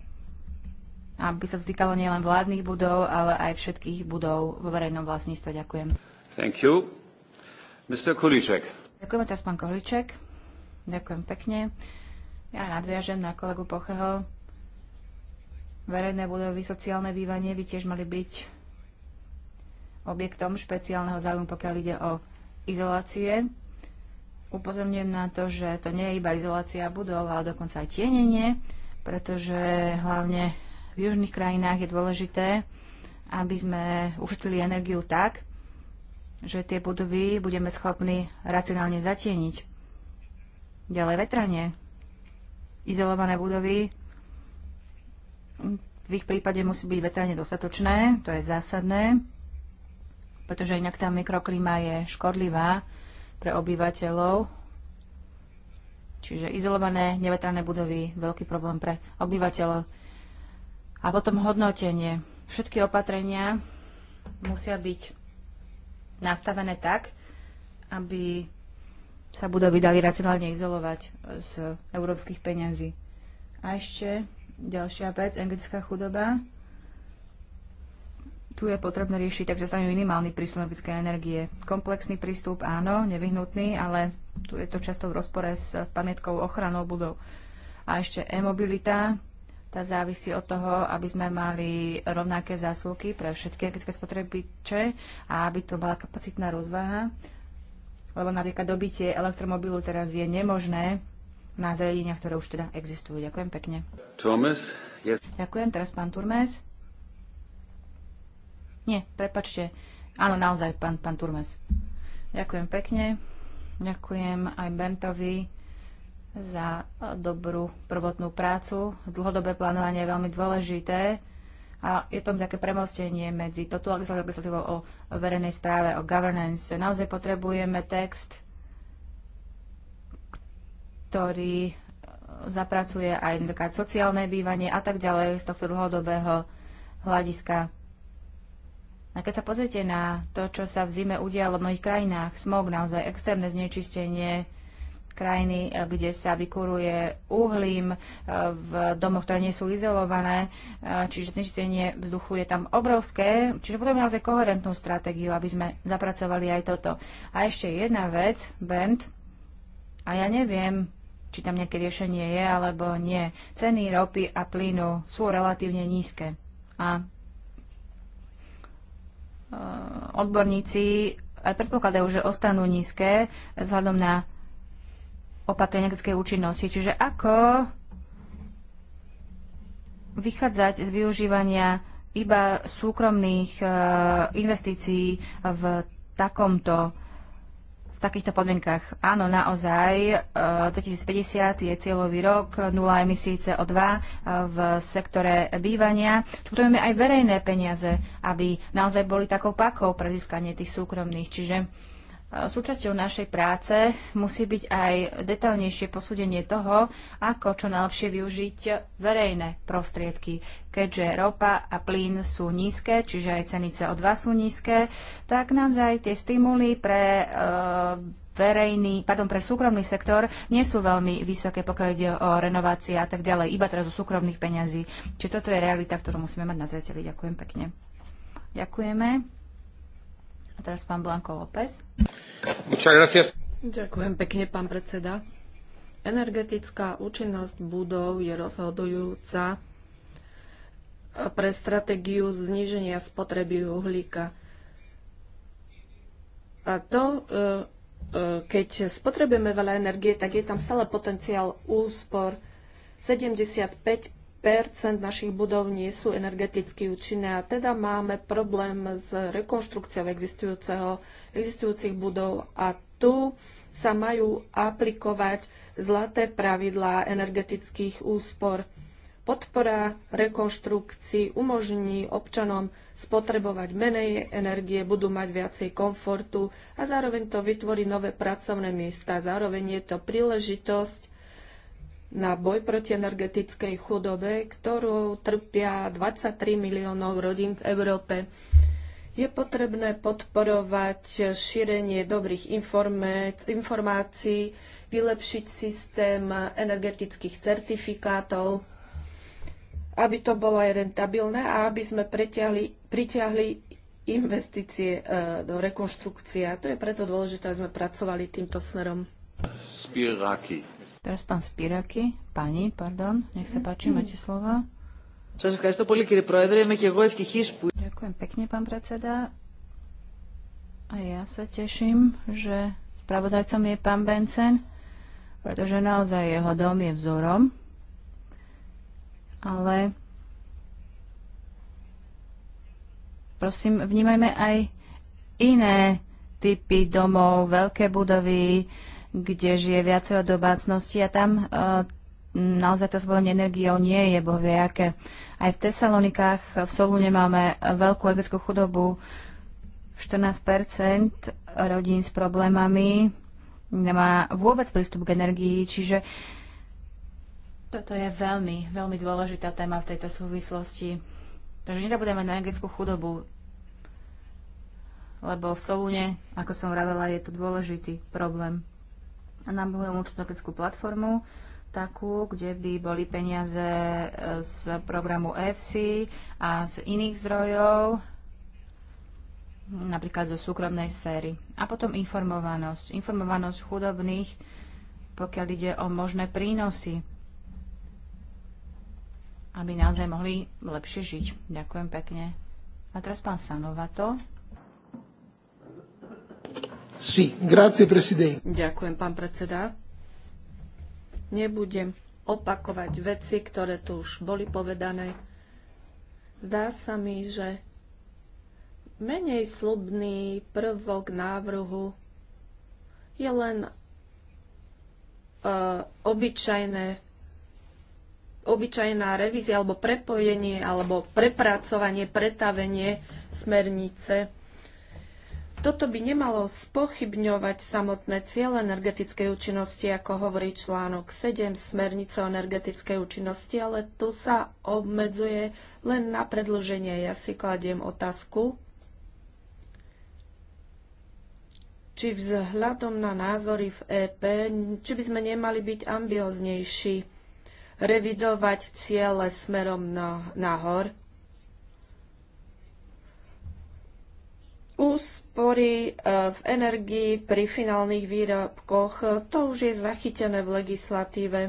aby sa to týkalo nielen vládnych budov, ale aj všetkých budov vo verejnom vlastníctve. Ďakujem. Thank you. Mr. Kuliček. Ďakujem teraz, pán Kuliček. Ďakujem pekne. Ja nadviažem na kolegu Pocheho. Verejné budovy, sociálne bývanie by tiež mali byť objektom špeciálneho záujmu, pokiaľ ide o izolácie. Upozorňujem na to, že to nie je iba izolácia budov, ale dokonca aj tienenie, pretože hlavne v južných krajinách je dôležité, aby sme ušetrili energiu tak, že tie budovy budeme schopní racionálne zatieniť. Ďalej vetranie. Izolované budovy. V ich prípade musí byť vetranie dostatočné, to je zásadné, pretože inak tá mikroklíma je škodlivá pre obyvateľov. Čiže izolované, nevetrané budovy, veľký problém pre obyvateľov. A potom hodnotenie. Všetky opatrenia musia byť nastavené tak, aby sa budovy dali racionálne izolovať z európskych peňazí. A ešte ďalšia vec, energetická chudoba. Tu je potrebné riešiť, takže sa minimálny prísun energie. Komplexný prístup, áno, nevyhnutný, ale tu je to často v rozpore s pamätkou ochranou budov. A ešte e-mobilita, tá závisí od toho, aby sme mali rovnaké zásuvky pre všetky energetické spotrebiče a aby to bola kapacitná rozvaha. Lebo napríklad dobitie elektromobilu teraz je nemožné na zariadeniach, ktoré už teda existujú. Ďakujem pekne. Thomas, yes. Ďakujem, teraz pán Turmes. Nie, prepačte. Áno, naozaj, pán, pán Turmes. Ďakujem pekne. Ďakujem aj Bentovi za dobrú prvotnú prácu. Dlhodobé plánovanie je veľmi dôležité a je tam také premostenie medzi toto legislatívou o verejnej správe, o governance. Naozaj potrebujeme text, ktorý zapracuje aj napríklad sociálne bývanie a tak ďalej z tohto dlhodobého hľadiska. A keď sa pozrite na to, čo sa v zime udialo v mnohých krajinách, smog, naozaj extrémne znečistenie, krajiny, eh, kde sa vykuruje uhlím, eh, v domoch, ktoré nie sú izolované, eh, čiže znečistenie vzduchu je tam obrovské, čiže potom naozaj koherentnú stratégiu, aby sme zapracovali aj toto. A ešte jedna vec, Bent, a ja neviem, či tam nejaké riešenie je alebo nie. Ceny ropy a plynu sú relatívne nízke a odborníci aj predpokladajú, že ostanú nízke vzhľadom na opatrenia energetickej účinnosti. Čiže ako vychádzať z využívania iba súkromných e, investícií v takomto v takýchto podmienkach. Áno, naozaj, 2050 e, je cieľový rok, nula emisí CO2 e, v sektore bývania. Čo potrebujeme aj verejné peniaze, aby naozaj boli takou pakou pre získanie tých súkromných. Čiže Súčasťou našej práce musí byť aj detaľnejšie posúdenie toho, ako čo najlepšie využiť verejné prostriedky. Keďže ropa a plyn sú nízke, čiže aj ceny CO2 sú nízke, tak naozaj tie stimuly pre e, verejný, pardon, pre súkromný sektor nie sú veľmi vysoké, pokiaľ ide o renovácie a tak ďalej, iba teraz zo súkromných peňazí. Čiže toto je realita, ktorú musíme mať na zreteli. Ďakujem pekne. Ďakujeme. A teraz pán Blanko López. Ďakujem pekne, pán predseda. Energetická účinnosť budov je rozhodujúca pre stratégiu zníženia spotreby uhlíka. A to, e, e, keď spotrebujeme veľa energie, tak je tam stále potenciál úspor. 75 našich budov nie sú energeticky účinné a teda máme problém s rekonštrukciou existujúcich budov a tu sa majú aplikovať zlaté pravidlá energetických úspor. Podpora rekonštrukcií umožní občanom spotrebovať menej energie, budú mať viacej komfortu a zároveň to vytvorí nové pracovné miesta. Zároveň je to príležitosť na boj proti energetickej chudobe, ktorou trpia 23 miliónov rodín v Európe. Je potrebné podporovať šírenie dobrých informácií, vylepšiť systém energetických certifikátov, aby to bolo aj rentabilné a aby sme pritiahli, pritiahli investície e, do rekonštrukcie. A to je preto dôležité, aby sme pracovali týmto smerom. Spiraki. Teraz pán Spiraky, pani, pardon, nech sa páči, máte slova. Ďakujem pekne, pán predseda. A ja sa teším, že spravodajcom je pán Bencen, pretože naozaj jeho dom je vzorom. Ale prosím, vnímajme aj iné typy domov, veľké budovy, kde žije viacero domácností a tam eh, naozaj to zvolenie energiou nie je bohvie aké. Aj v Tesalonikách, v solúne máme veľkú energetickú chudobu, 14 rodín s problémami nemá vôbec prístup k energii, čiže toto je veľmi, veľmi dôležitá téma v tejto súvislosti. Takže nezabudeme na energetickú chudobu, lebo v solúne, ako som vravela, je to dôležitý problém a navrhujem určitú technickú platformu, takú, kde by boli peniaze e, z programu EFC a z iných zdrojov, napríklad zo súkromnej sféry. A potom informovanosť. Informovanosť chudobných, pokiaľ ide o možné prínosy, aby naozaj mohli lepšie žiť. Ďakujem pekne. A teraz pán Sanovato. Sí, grazie, presidente. Ďakujem, pán predseda. Nebudem opakovať veci, ktoré tu už boli povedané. Zdá sa mi, že menej slubný prvok návrhu je len uh, obyčajné obyčajná revízia alebo prepojenie alebo prepracovanie, pretavenie smernice toto by nemalo spochybňovať samotné ciele energetickej účinnosti, ako hovorí článok 7 smernice o energetickej účinnosti, ale tu sa obmedzuje len na predlženie. Ja si kladiem otázku, či vzhľadom na názory v EP, či by sme nemali byť ambioznejší, revidovať ciele smerom na, nahor, úspory e, v energii pri finálnych výrobkoch. To už je zachytené v legislatíve.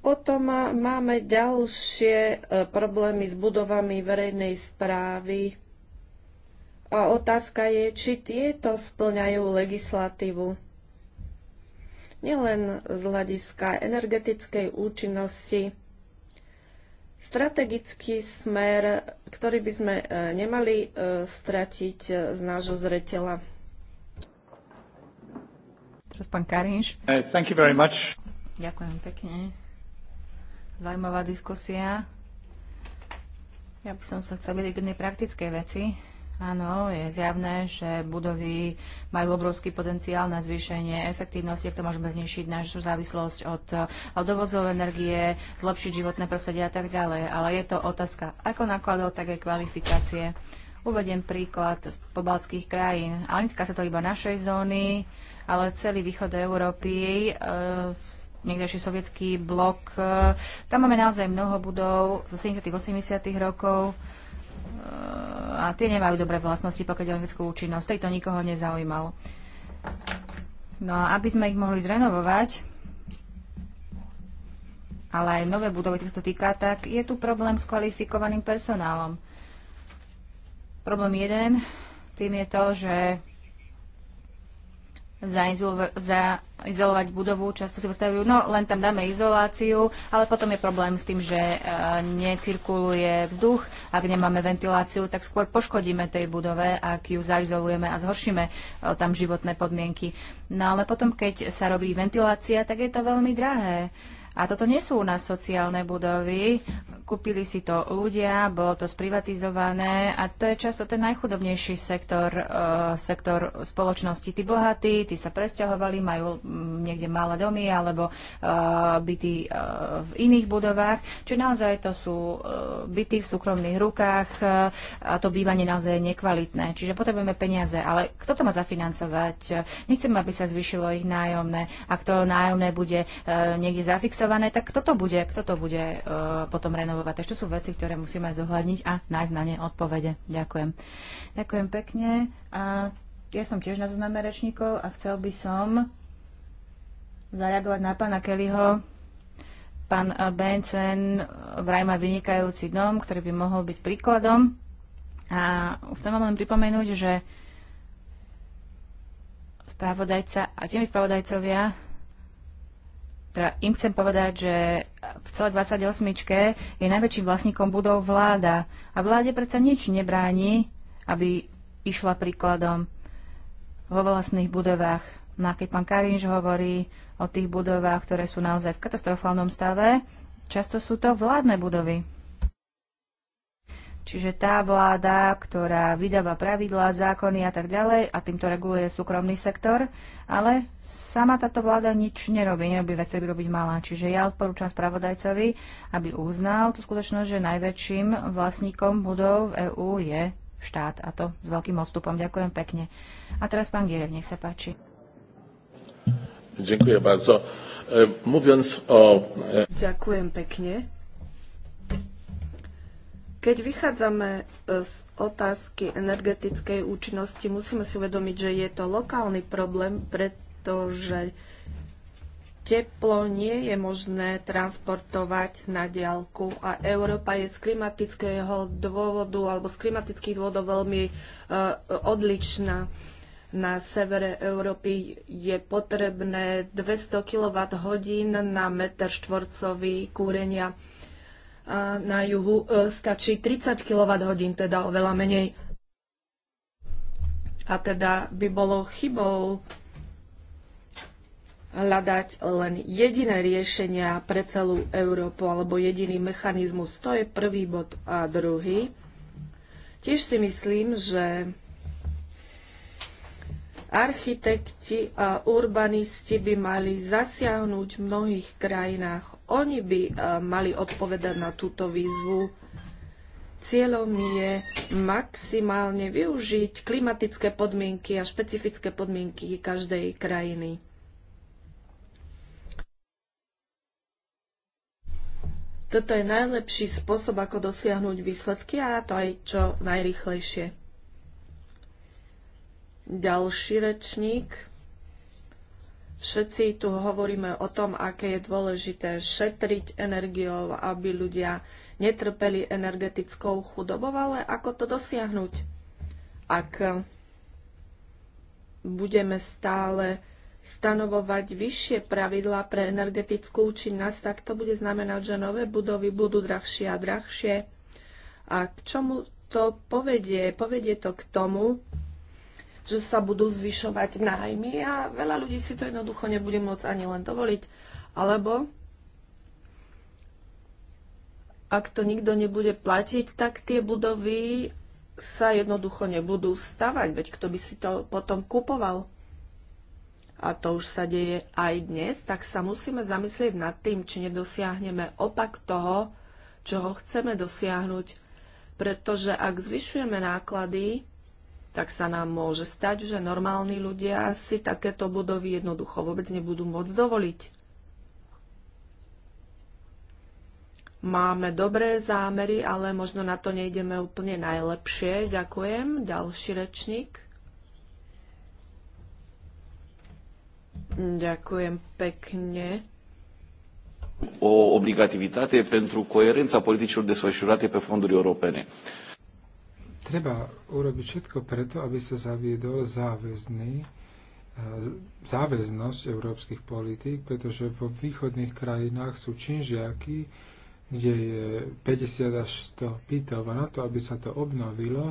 Potom e, máme ďalšie e, problémy s budovami verejnej správy. A otázka je, či tieto splňajú legislatívu. Nielen z hľadiska energetickej účinnosti, strategický smer, ktorý by sme e, nemali e, stratiť z nášho zreteľa. Teraz pán Karinš. Uh, thank you very much. Ďakujem pekne. Zaujímavá diskusia. Ja by som sa chcel vidieť k jednej praktickej veci. Áno, je zjavné, že budovy majú obrovský potenciál na zvýšenie efektívnosti, ak to môžeme znišiť našu závislosť od, od dovozov energie, zlepšiť životné prostredie a tak ďalej. Ale je to otázka ako nakladov, tak aj kvalifikácie. Uvediem príklad z pobaltských krajín. Ale netýka sa to iba našej zóny, ale celý východ Európy. E, niekdejší sovietský blok. E, tam máme naozaj mnoho budov zo 70. 80. rokov, a tie nemajú dobré vlastnosti, pokiaľ energetickú účinnosť. Tej to nikoho nezaujímalo. No a aby sme ich mohli zrenovovať, ale aj nové budovy, sa to týka, tak je tu problém s kvalifikovaným personálom. Problém jeden, tým je to, že zaizolovať budovu, často si postavujú, no len tam dáme izoláciu, ale potom je problém s tým, že e, necirkuluje vzduch, ak nemáme ventiláciu, tak skôr poškodíme tej budove, ak ju zaizolujeme a zhoršíme e, tam životné podmienky. No ale potom, keď sa robí ventilácia, tak je to veľmi drahé. A toto nie sú u nás sociálne budovy, kúpili si to ľudia, bolo to sprivatizované a to je často ten najchudobnejší sektor, eh, sektor spoločnosti. Tí bohatí, tí sa presťahovali, majú mm, niekde malé domy alebo eh, byty eh, v iných budovách. Čiže naozaj to sú byty v súkromných rukách a to bývanie naozaj je nekvalitné. Čiže potrebujeme peniaze, ale kto to má zafinancovať? Nechcem, aby sa zvyšilo ich nájomné. Ak to nájomné bude niekde zafixované, tak kto to bude? Kto to bude potom renovať? tunelovať. Takže to sú veci, ktoré musíme zohľadniť a nájsť na ne odpovede. Ďakujem. Ďakujem pekne. A ja som tiež na zozname rečníkov a chcel by som zareagovať na pána Kellyho. Pán eh, Bencen vraj má vynikajúci dom, ktorý by mohol byť príkladom. A chcem vám len pripomenúť, že spravodajca a tými spravodajcovia teda im chcem povedať, že v celé 28. je najväčším vlastníkom budov vláda. A vláde predsa nič nebráni, aby išla príkladom vo vlastných budovách. No a keď pán Karinž hovorí o tých budovách, ktoré sú naozaj v katastrofálnom stave, často sú to vládne budovy. Čiže tá vláda, ktorá vydáva pravidlá, zákony a tak ďalej a týmto reguluje súkromný sektor, ale sama táto vláda nič nerobí, nerobí veci, by robiť malá. Čiže ja odporúčam spravodajcovi, aby uznal tú skutočnosť, že najväčším vlastníkom budov v EÚ je štát a to s veľkým odstupom. Ďakujem pekne. A teraz pán Gierev, nech sa páči. Ďakujem bardzo. E, mówiąc o... E, Ďakujem pekne. Keď vychádzame e, z otázky energetickej účinnosti, musíme si uvedomiť, že je to lokálny problém, pretože teplo nie je možné transportovať na diálku a Európa je z klimatického dôvodu alebo z klimatických dôvodov veľmi uh, odlišná. Na severe Európy je potrebné 200 kWh na meter štvorcový kúrenia na juhu e, stačí 30 kWh, teda oveľa menej. A teda by bolo chybou hľadať len jediné riešenia pre celú Európu alebo jediný mechanizmus. To je prvý bod. A druhý, tiež si myslím, že Architekti a urbanisti by mali zasiahnuť v mnohých krajinách. Oni by eh, mali odpovedať na túto výzvu. Cieľom je maximálne využiť klimatické podmienky a špecifické podmienky každej krajiny. Toto je najlepší spôsob, ako dosiahnuť výsledky a to aj čo najrychlejšie. Ďalší rečník. Všetci tu hovoríme o tom, aké je dôležité šetriť energiou, aby ľudia netrpeli energetickou chudobou, ale ako to dosiahnuť? Ak budeme stále stanovovať vyššie pravidlá pre energetickú účinnosť, tak to bude znamenať, že nové budovy budú drahšie a drahšie. A k čomu to povedie? Povedie to k tomu, že sa budú zvyšovať nájmy a veľa ľudí si to jednoducho nebude môcť ani len dovoliť. Alebo ak to nikto nebude platiť, tak tie budovy sa jednoducho nebudú stavať, veď kto by si to potom kupoval. A to už sa deje aj dnes, tak sa musíme zamyslieť nad tým, či nedosiahneme opak toho, čoho chceme dosiahnuť. Pretože ak zvyšujeme náklady, tak sa nám môže stať, že normálni ľudia si takéto budovy jednoducho vôbec nebudú môcť dovoliť. Máme dobré zámery, ale možno na to nejdeme úplne najlepšie. Ďakujem. Ďalší rečník. Ďakujem pekne o obligativitate pentru coerența politicilor desfășurate pe fonduri europene. Treba urobiť všetko preto, aby sa zaviedol záväzný, e, záväznosť európskych politík, pretože vo východných krajinách sú činžiaky, kde je 50 až 100 pýtov a na to, aby sa to obnovilo,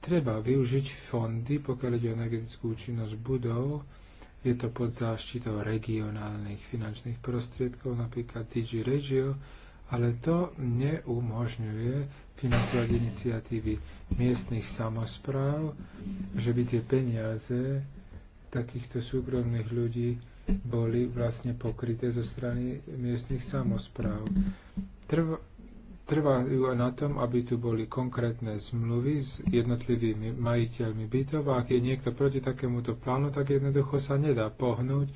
treba využiť fondy, pokiaľ ide o energetickú účinnosť budov, je to pod záštitou regionálnych finančných prostriedkov, napríklad DG Regio, ale to neumožňuje financovať iniciatívy miestnych samozpráv, že by tie peniaze takýchto súkromných ľudí boli vlastne pokryté zo strany miestnych samozpráv. Trv, trvajú na tom, aby tu boli konkrétne zmluvy s jednotlivými majiteľmi bytov a ak je niekto proti takémuto plánu, tak jednoducho sa nedá pohnúť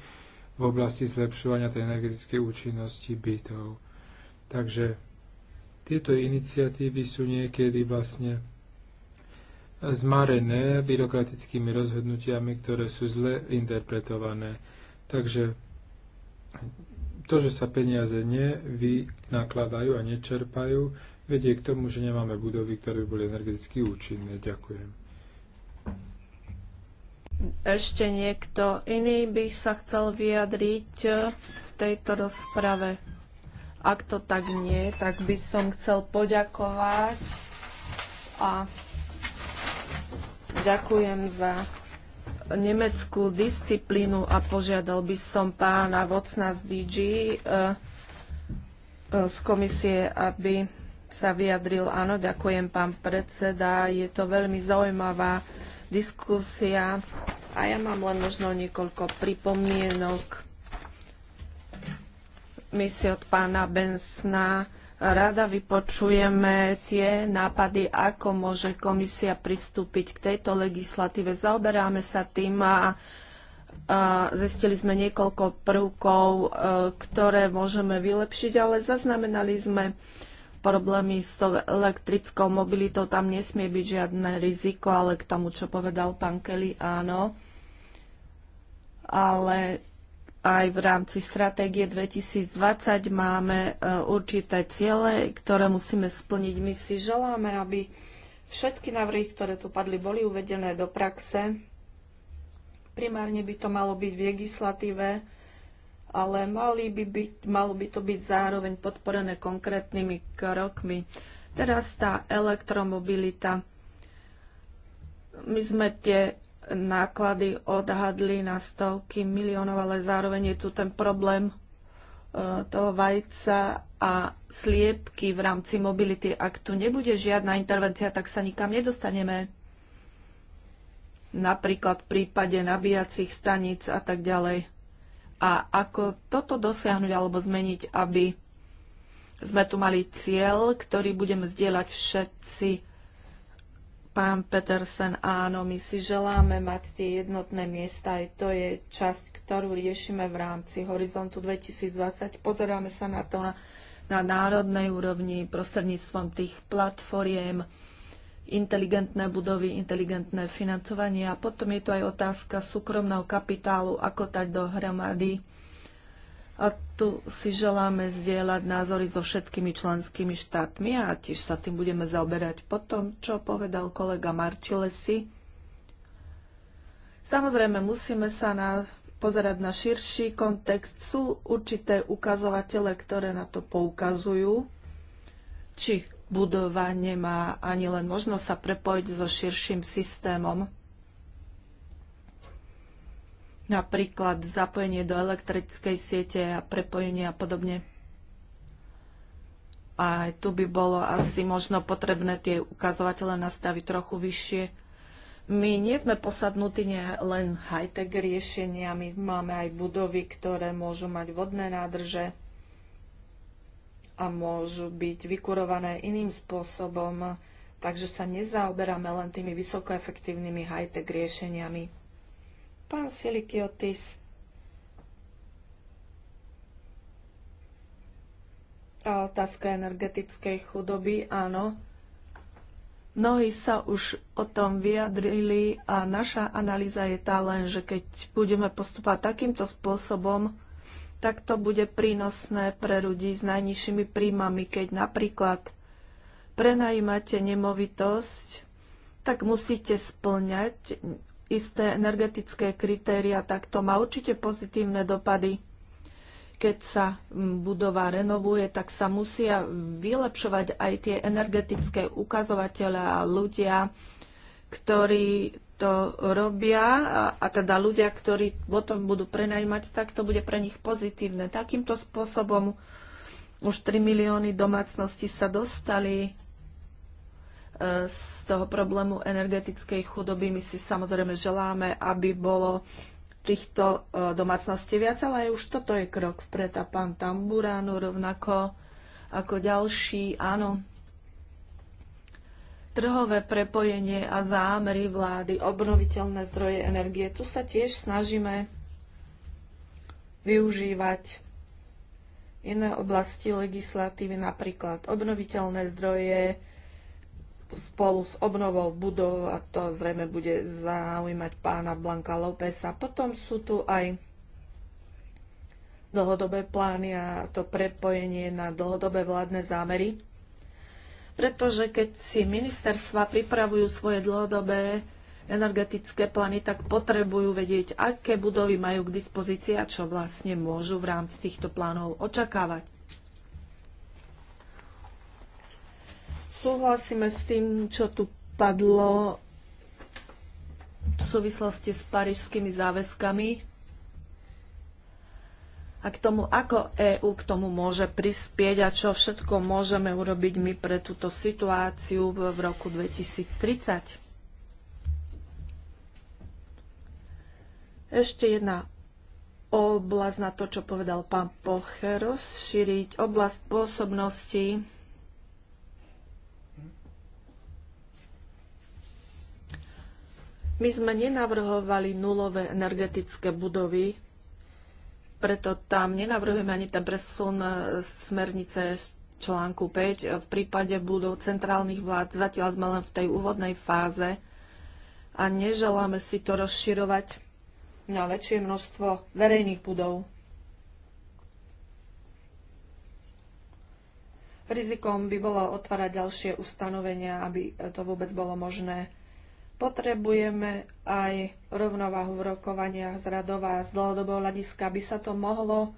v oblasti zlepšovania tej energetickej účinnosti bytov. Takže tieto iniciatívy sú niekedy vlastne zmarené byrokratickými rozhodnutiami, ktoré sú zle interpretované. Takže to, že sa peniaze nevynakladajú a nečerpajú, vedie k tomu, že nemáme budovy, ktoré by boli energeticky účinné. Ďakujem. Ešte niekto iný by sa chcel vyjadriť v tejto rozprave. Ak to tak nie, tak by som chcel poďakovať a ďakujem za nemeckú disciplínu a požiadal by som pána Vocna z DG eh, eh, z komisie, aby sa vyjadril. Áno, ďakujem pán predseda. Je to veľmi zaujímavá diskusia a ja mám len možno niekoľko pripomienok. My si od pána Bensna Rada vypočujeme tie nápady, ako môže komisia pristúpiť k tejto legislatíve. Zaoberáme sa tým a zistili sme niekoľko prvkov, e, ktoré môžeme vylepšiť, ale zaznamenali sme problémy s elektrickou mobilitou. Tam nesmie byť žiadne riziko, ale k tomu, čo povedal pán Kelly, áno. Ale aj v rámci stratégie 2020 máme e, určité ciele, ktoré musíme splniť. My si želáme, aby všetky návrhy, ktoré tu padli, boli uvedené do praxe. Primárne by to malo byť v legislatíve, ale mali by byť, malo by to byť zároveň podporené konkrétnymi krokmi. Teraz tá elektromobilita my sme tie náklady odhadli na stovky miliónov, ale zároveň je tu ten problém e, toho vajca a sliepky v rámci mobility. Ak tu nebude žiadna intervencia, tak sa nikam nedostaneme. Napríklad v prípade nabíjacích staníc a tak ďalej. A ako toto dosiahnuť alebo zmeniť, aby sme tu mali cieľ, ktorý budeme zdieľať všetci Pán Petersen, áno, my si želáme mať tie jednotné miesta, aj to je časť, ktorú riešime v rámci Horizontu 2020. Pozeráme sa na to na, na národnej úrovni prostredníctvom tých platformiem, inteligentné budovy, inteligentné financovanie a potom je tu aj otázka súkromného kapitálu, ako tak dohromady a tu si želáme zdieľať názory so všetkými členskými štátmi a tiež sa tým budeme zaoberať po tom, čo povedal kolega Marčilesi. Samozrejme, musíme sa na, pozerať na širší kontext. Sú určité ukazovatele, ktoré na to poukazujú, či budova nemá ani len možnosť sa prepojiť so širším systémom napríklad zapojenie do elektrickej siete a prepojenie a podobne. A tu by bolo asi možno potrebné tie ukazovatele nastaviť trochu vyššie. My nie sme posadnutí nie len high-tech riešeniami, máme aj budovy, ktoré môžu mať vodné nádrže a môžu byť vykurované iným spôsobom, takže sa nezaoberáme len tými vysokoefektívnymi high-tech riešeniami. Pán Silikiotis. A otázka energetickej chudoby, áno. Mnohí sa už o tom vyjadrili a naša analýza je tá len, že keď budeme postupovať takýmto spôsobom, tak to bude prínosné pre ľudí s najnižšími príjmami, keď napríklad prenajímate nemovitosť, tak musíte splňať isté energetické kritéria, tak to má určite pozitívne dopady. Keď sa budova renovuje, tak sa musia vylepšovať aj tie energetické ukazovatele a ľudia, ktorí to robia a, a teda ľudia, ktorí potom budú prenajímať, tak to bude pre nich pozitívne. Takýmto spôsobom už 3 milióny domácností sa dostali z toho problému energetickej chudoby. My si samozrejme želáme, aby bolo týchto e, domácností viac, ale aj už toto je krok vpred a pán Tamburánu rovnako ako ďalší, áno. Trhové prepojenie a zámery vlády, obnoviteľné zdroje energie, tu sa tiež snažíme využívať iné oblasti legislatívy, napríklad obnoviteľné zdroje, spolu s obnovou budov a to zrejme bude zaujímať pána Blanka Lópeza. Potom sú tu aj dlhodobé plány a to prepojenie na dlhodobé vládne zámery. Pretože keď si ministerstva pripravujú svoje dlhodobé energetické plány, tak potrebujú vedieť, aké budovy majú k dispozícii a čo vlastne môžu v rámci týchto plánov očakávať. Súhlasíme s tým, čo tu padlo v súvislosti s parížskými záväzkami a k tomu, ako EÚ k tomu môže prispieť a čo všetko môžeme urobiť my pre túto situáciu v roku 2030. Ešte jedna oblasť na to, čo povedal pán Pocheros, šíriť oblasť pôsobnosti My sme nenavrhovali nulové energetické budovy, preto tam nenavrhujeme ani ten presun e, smernice z článku 5. V prípade budov centrálnych vlád zatiaľ sme len v tej úvodnej fáze a neželáme si to rozširovať na väčšie množstvo verejných budov. Rizikom by bolo otvárať ďalšie ustanovenia, aby to vôbec bolo možné. Potrebujeme aj rovnováhu v rokovaniach z radová z dlhodobého hľadiska, aby sa to mohlo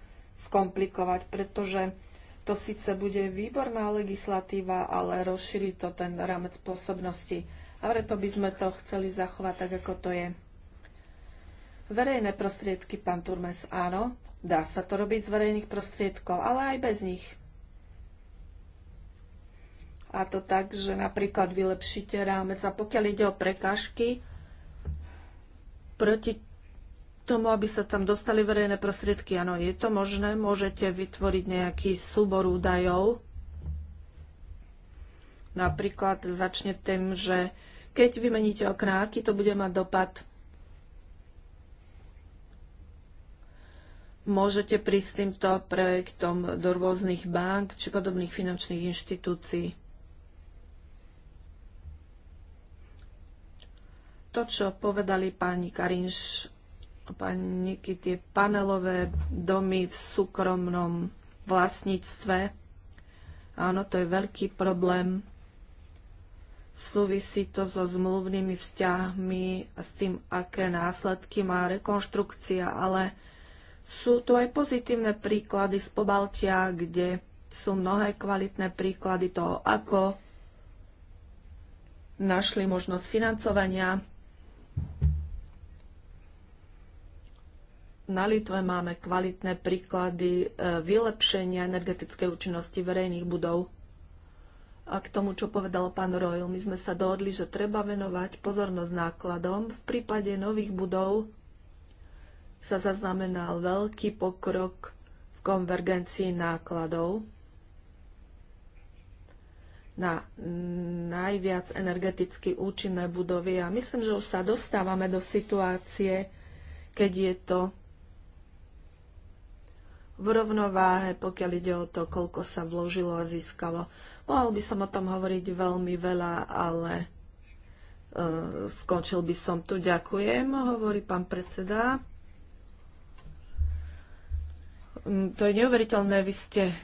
skomplikovať, pretože to síce bude výborná legislatíva, ale rozšíri to ten rámec spôsobnosti. A preto by sme to chceli zachovať tak, ako to je. Verejné prostriedky, pán Turmes, áno, dá sa to robiť z verejných prostriedkov, ale aj bez nich. A to tak, že napríklad vylepšíte rámec. A pokiaľ ide o prekážky, proti tomu, aby sa tam dostali verejné prostriedky, áno, je to možné. Môžete vytvoriť nejaký súbor údajov. Napríklad začne tým, že keď vymeníte okná, aký to bude mať dopad môžete prísť s týmto projektom do rôznych bank či podobných finančných inštitúcií. to, čo povedali pani Karinš, Niky tie panelové domy v súkromnom vlastníctve, áno, to je veľký problém. Súvisí to so zmluvnými vzťahmi a s tým, aké následky má rekonštrukcia, ale sú tu aj pozitívne príklady z Pobaltia, kde sú mnohé kvalitné príklady toho, ako našli možnosť financovania na Litve máme kvalitné príklady e, vylepšenia energetickej účinnosti verejných budov. A k tomu, čo povedal pán Royal, my sme sa dohodli, že treba venovať pozornosť nákladom. V prípade nových budov sa zaznamenal veľký pokrok v konvergencii nákladov na najviac energeticky účinné budovy. A myslím, že už sa dostávame do situácie, keď je to v rovnováhe, pokiaľ ide o to, koľko sa vložilo a získalo. Mohol by som o tom hovoriť veľmi veľa, ale e, skončil by som tu. Ďakujem, hovorí pán predseda. Mm, to je neuveriteľné, vy ste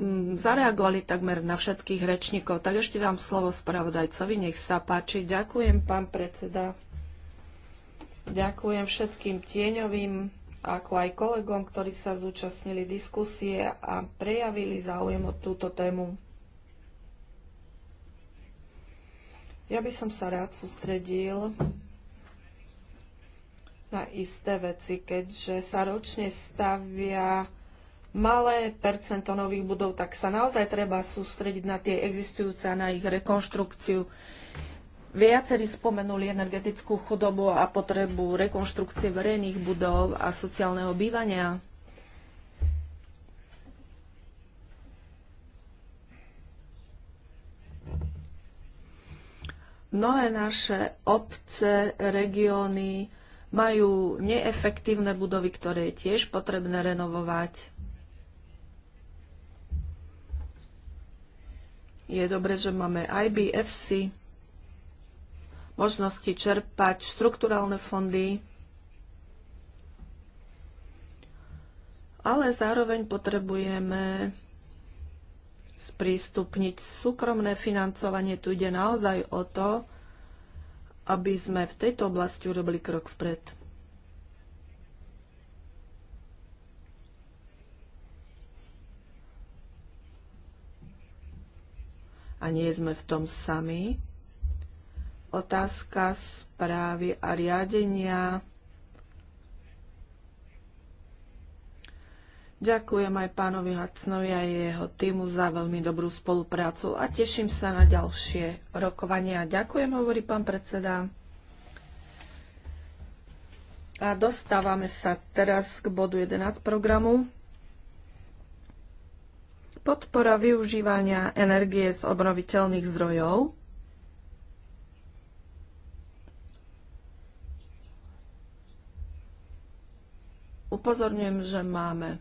mm, zareagovali takmer na všetkých rečníkov. Tak ešte dám slovo spravodajcovi, nech sa páči. Ďakujem, pán predseda. Ďakujem všetkým tieňovým ako aj kolegom, ktorí sa zúčastnili diskusie a prejavili záujem o túto tému. Ja by som sa rád sústredil na isté veci, keďže sa ročne stavia malé percento nových budov, tak sa naozaj treba sústrediť na tie existujúce a na ich rekonštrukciu. Viacerí spomenuli energetickú chudobu a potrebu rekonštrukcie verejných budov a sociálneho bývania. Mnohé naše obce, regióny majú neefektívne budovy, ktoré je tiež potrebné renovovať. Je dobre, že máme IBFC, možnosti čerpať štrukturálne fondy, ale zároveň potrebujeme sprístupniť súkromné financovanie. Tu ide naozaj o to, aby sme v tejto oblasti urobili krok vpred. A nie sme v tom sami. Otázka správy a riadenia. Ďakujem aj pánovi Hacnovi a jeho týmu za veľmi dobrú spoluprácu a teším sa na ďalšie rokovania. Ďakujem, hovorí pán predseda. A dostávame sa teraz k bodu 11 programu. Podpora využívania energie z obnoviteľných zdrojov. Upozorňujem, že máme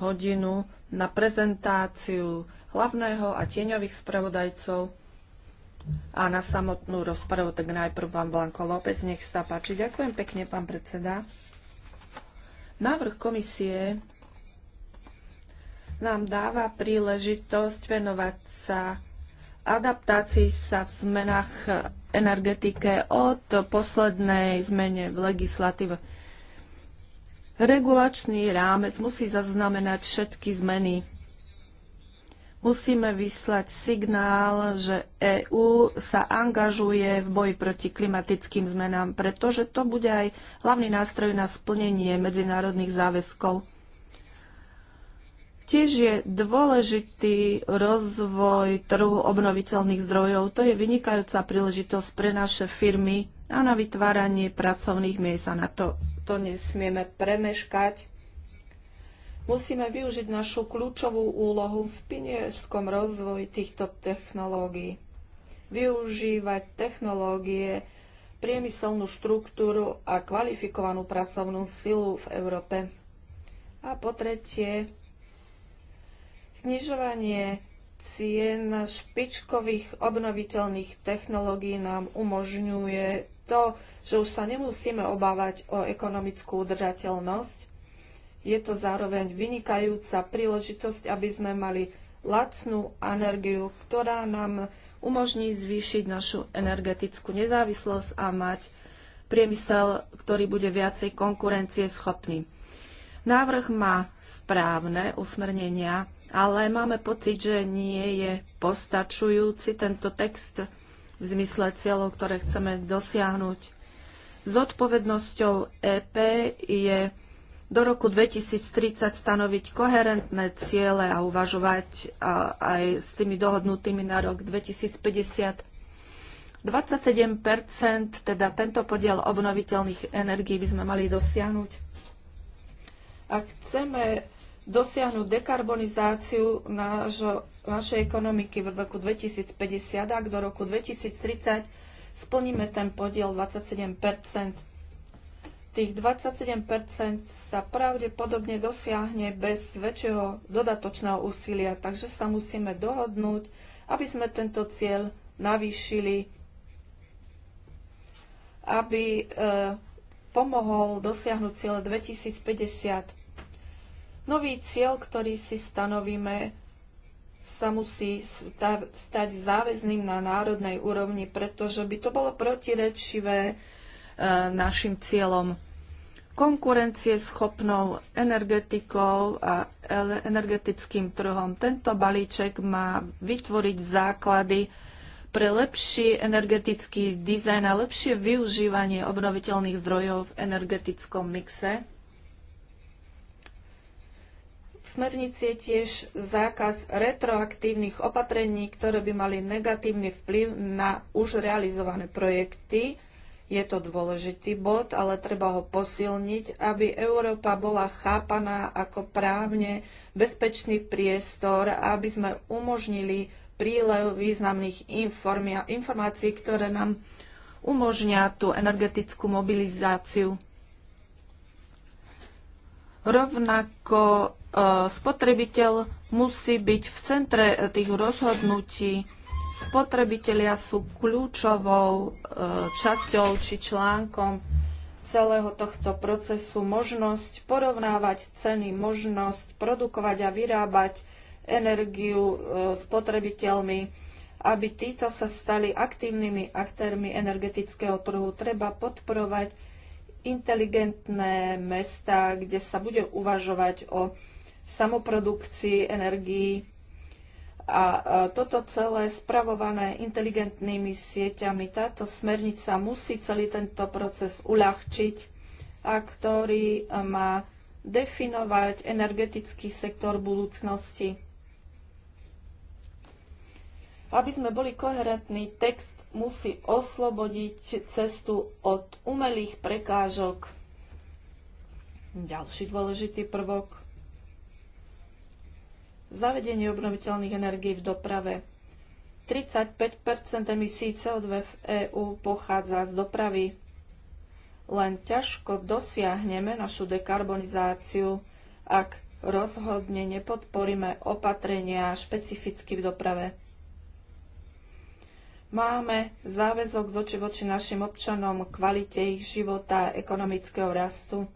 hodinu na prezentáciu hlavného a tieňových spravodajcov a na samotnú rozpravu, tak najprv pán Blanko López, nech sa páči. Ďakujem pekne, pán predseda. Návrh komisie nám dáva príležitosť venovať sa adaptácii sa v zmenách energetike od poslednej zmene v legislatíve Regulačný rámec musí zaznamenať všetky zmeny. Musíme vyslať signál, že EÚ sa angažuje v boji proti klimatickým zmenám, pretože to bude aj hlavný nástroj na splnenie medzinárodných záväzkov. Tiež je dôležitý rozvoj trhu obnoviteľných zdrojov. To je vynikajúca príležitosť pre naše firmy a na vytváranie pracovných miest a na to to nesmieme premeškať. Musíme využiť našu kľúčovú úlohu v pinierskom rozvoji týchto technológií. Využívať technológie, priemyselnú štruktúru a kvalifikovanú pracovnú silu v Európe. A po tretie, znižovanie cien špičkových obnoviteľných technológií nám umožňuje to že už sa nemusíme obávať o ekonomickú udržateľnosť. Je to zároveň vynikajúca príležitosť, aby sme mali lacnú energiu, ktorá nám umožní zvýšiť našu energetickú nezávislosť a mať priemysel, ktorý bude viacej konkurencie schopný. Návrh má správne usmernenia, ale máme pocit, že nie je postačujúci tento text v zmysle cieľov, ktoré chceme dosiahnuť. Zodpovednosťou EP je do roku 2030 stanoviť koherentné ciele a uvažovať aj s tými dohodnutými na rok 2050. 27 teda tento podiel obnoviteľných energií by sme mali dosiahnuť. Ak chceme dosiahnuť dekarbonizáciu našej ekonomiky v roku 2050, ak do roku 2030 splníme ten podiel 27 Tých 27 sa pravdepodobne dosiahne bez väčšieho dodatočného úsilia, takže sa musíme dohodnúť, aby sme tento cieľ navýšili, aby e, pomohol dosiahnuť cieľ 2050. Nový cieľ, ktorý si stanovíme, sa musí stať záväzným na národnej úrovni, pretože by to bolo protirečivé e, našim cieľom schopnou energetikou a energetickým trhom. Tento balíček má vytvoriť základy pre lepší energetický dizajn a lepšie využívanie obnoviteľných zdrojov v energetickom mixe smernici je tiež zákaz retroaktívnych opatrení, ktoré by mali negatívny vplyv na už realizované projekty. Je to dôležitý bod, ale treba ho posilniť, aby Európa bola chápaná ako právne bezpečný priestor, aby sme umožnili prílev významných informácií, ktoré nám umožnia tú energetickú mobilizáciu. Rovnako eh, spotrebiteľ musí byť v centre eh, tých rozhodnutí. Spotrebitelia sú kľúčovou eh, časťou či článkom celého tohto procesu. Možnosť porovnávať ceny, možnosť produkovať a vyrábať energiu spotrebiteľmi. Aby títo sa stali aktívnymi aktérmi energetického trhu, treba podporovať inteligentné mesta, kde sa bude uvažovať o samoprodukcii energií. A toto celé spravované inteligentnými sieťami, táto smernica musí celý tento proces uľahčiť a ktorý e, má definovať energetický sektor budúcnosti. Aby sme boli koherentný, text musí oslobodiť cestu od umelých prekážok. Ďalší dôležitý prvok. Zavedenie obnoviteľných energií v doprave. 35 emisí CO2 v EÚ pochádza z dopravy. Len ťažko dosiahneme našu dekarbonizáciu, ak rozhodne nepodporíme opatrenia špecificky v doprave. Máme záväzok z oči voči našim občanom, kvalite ich života, a ekonomického rastu.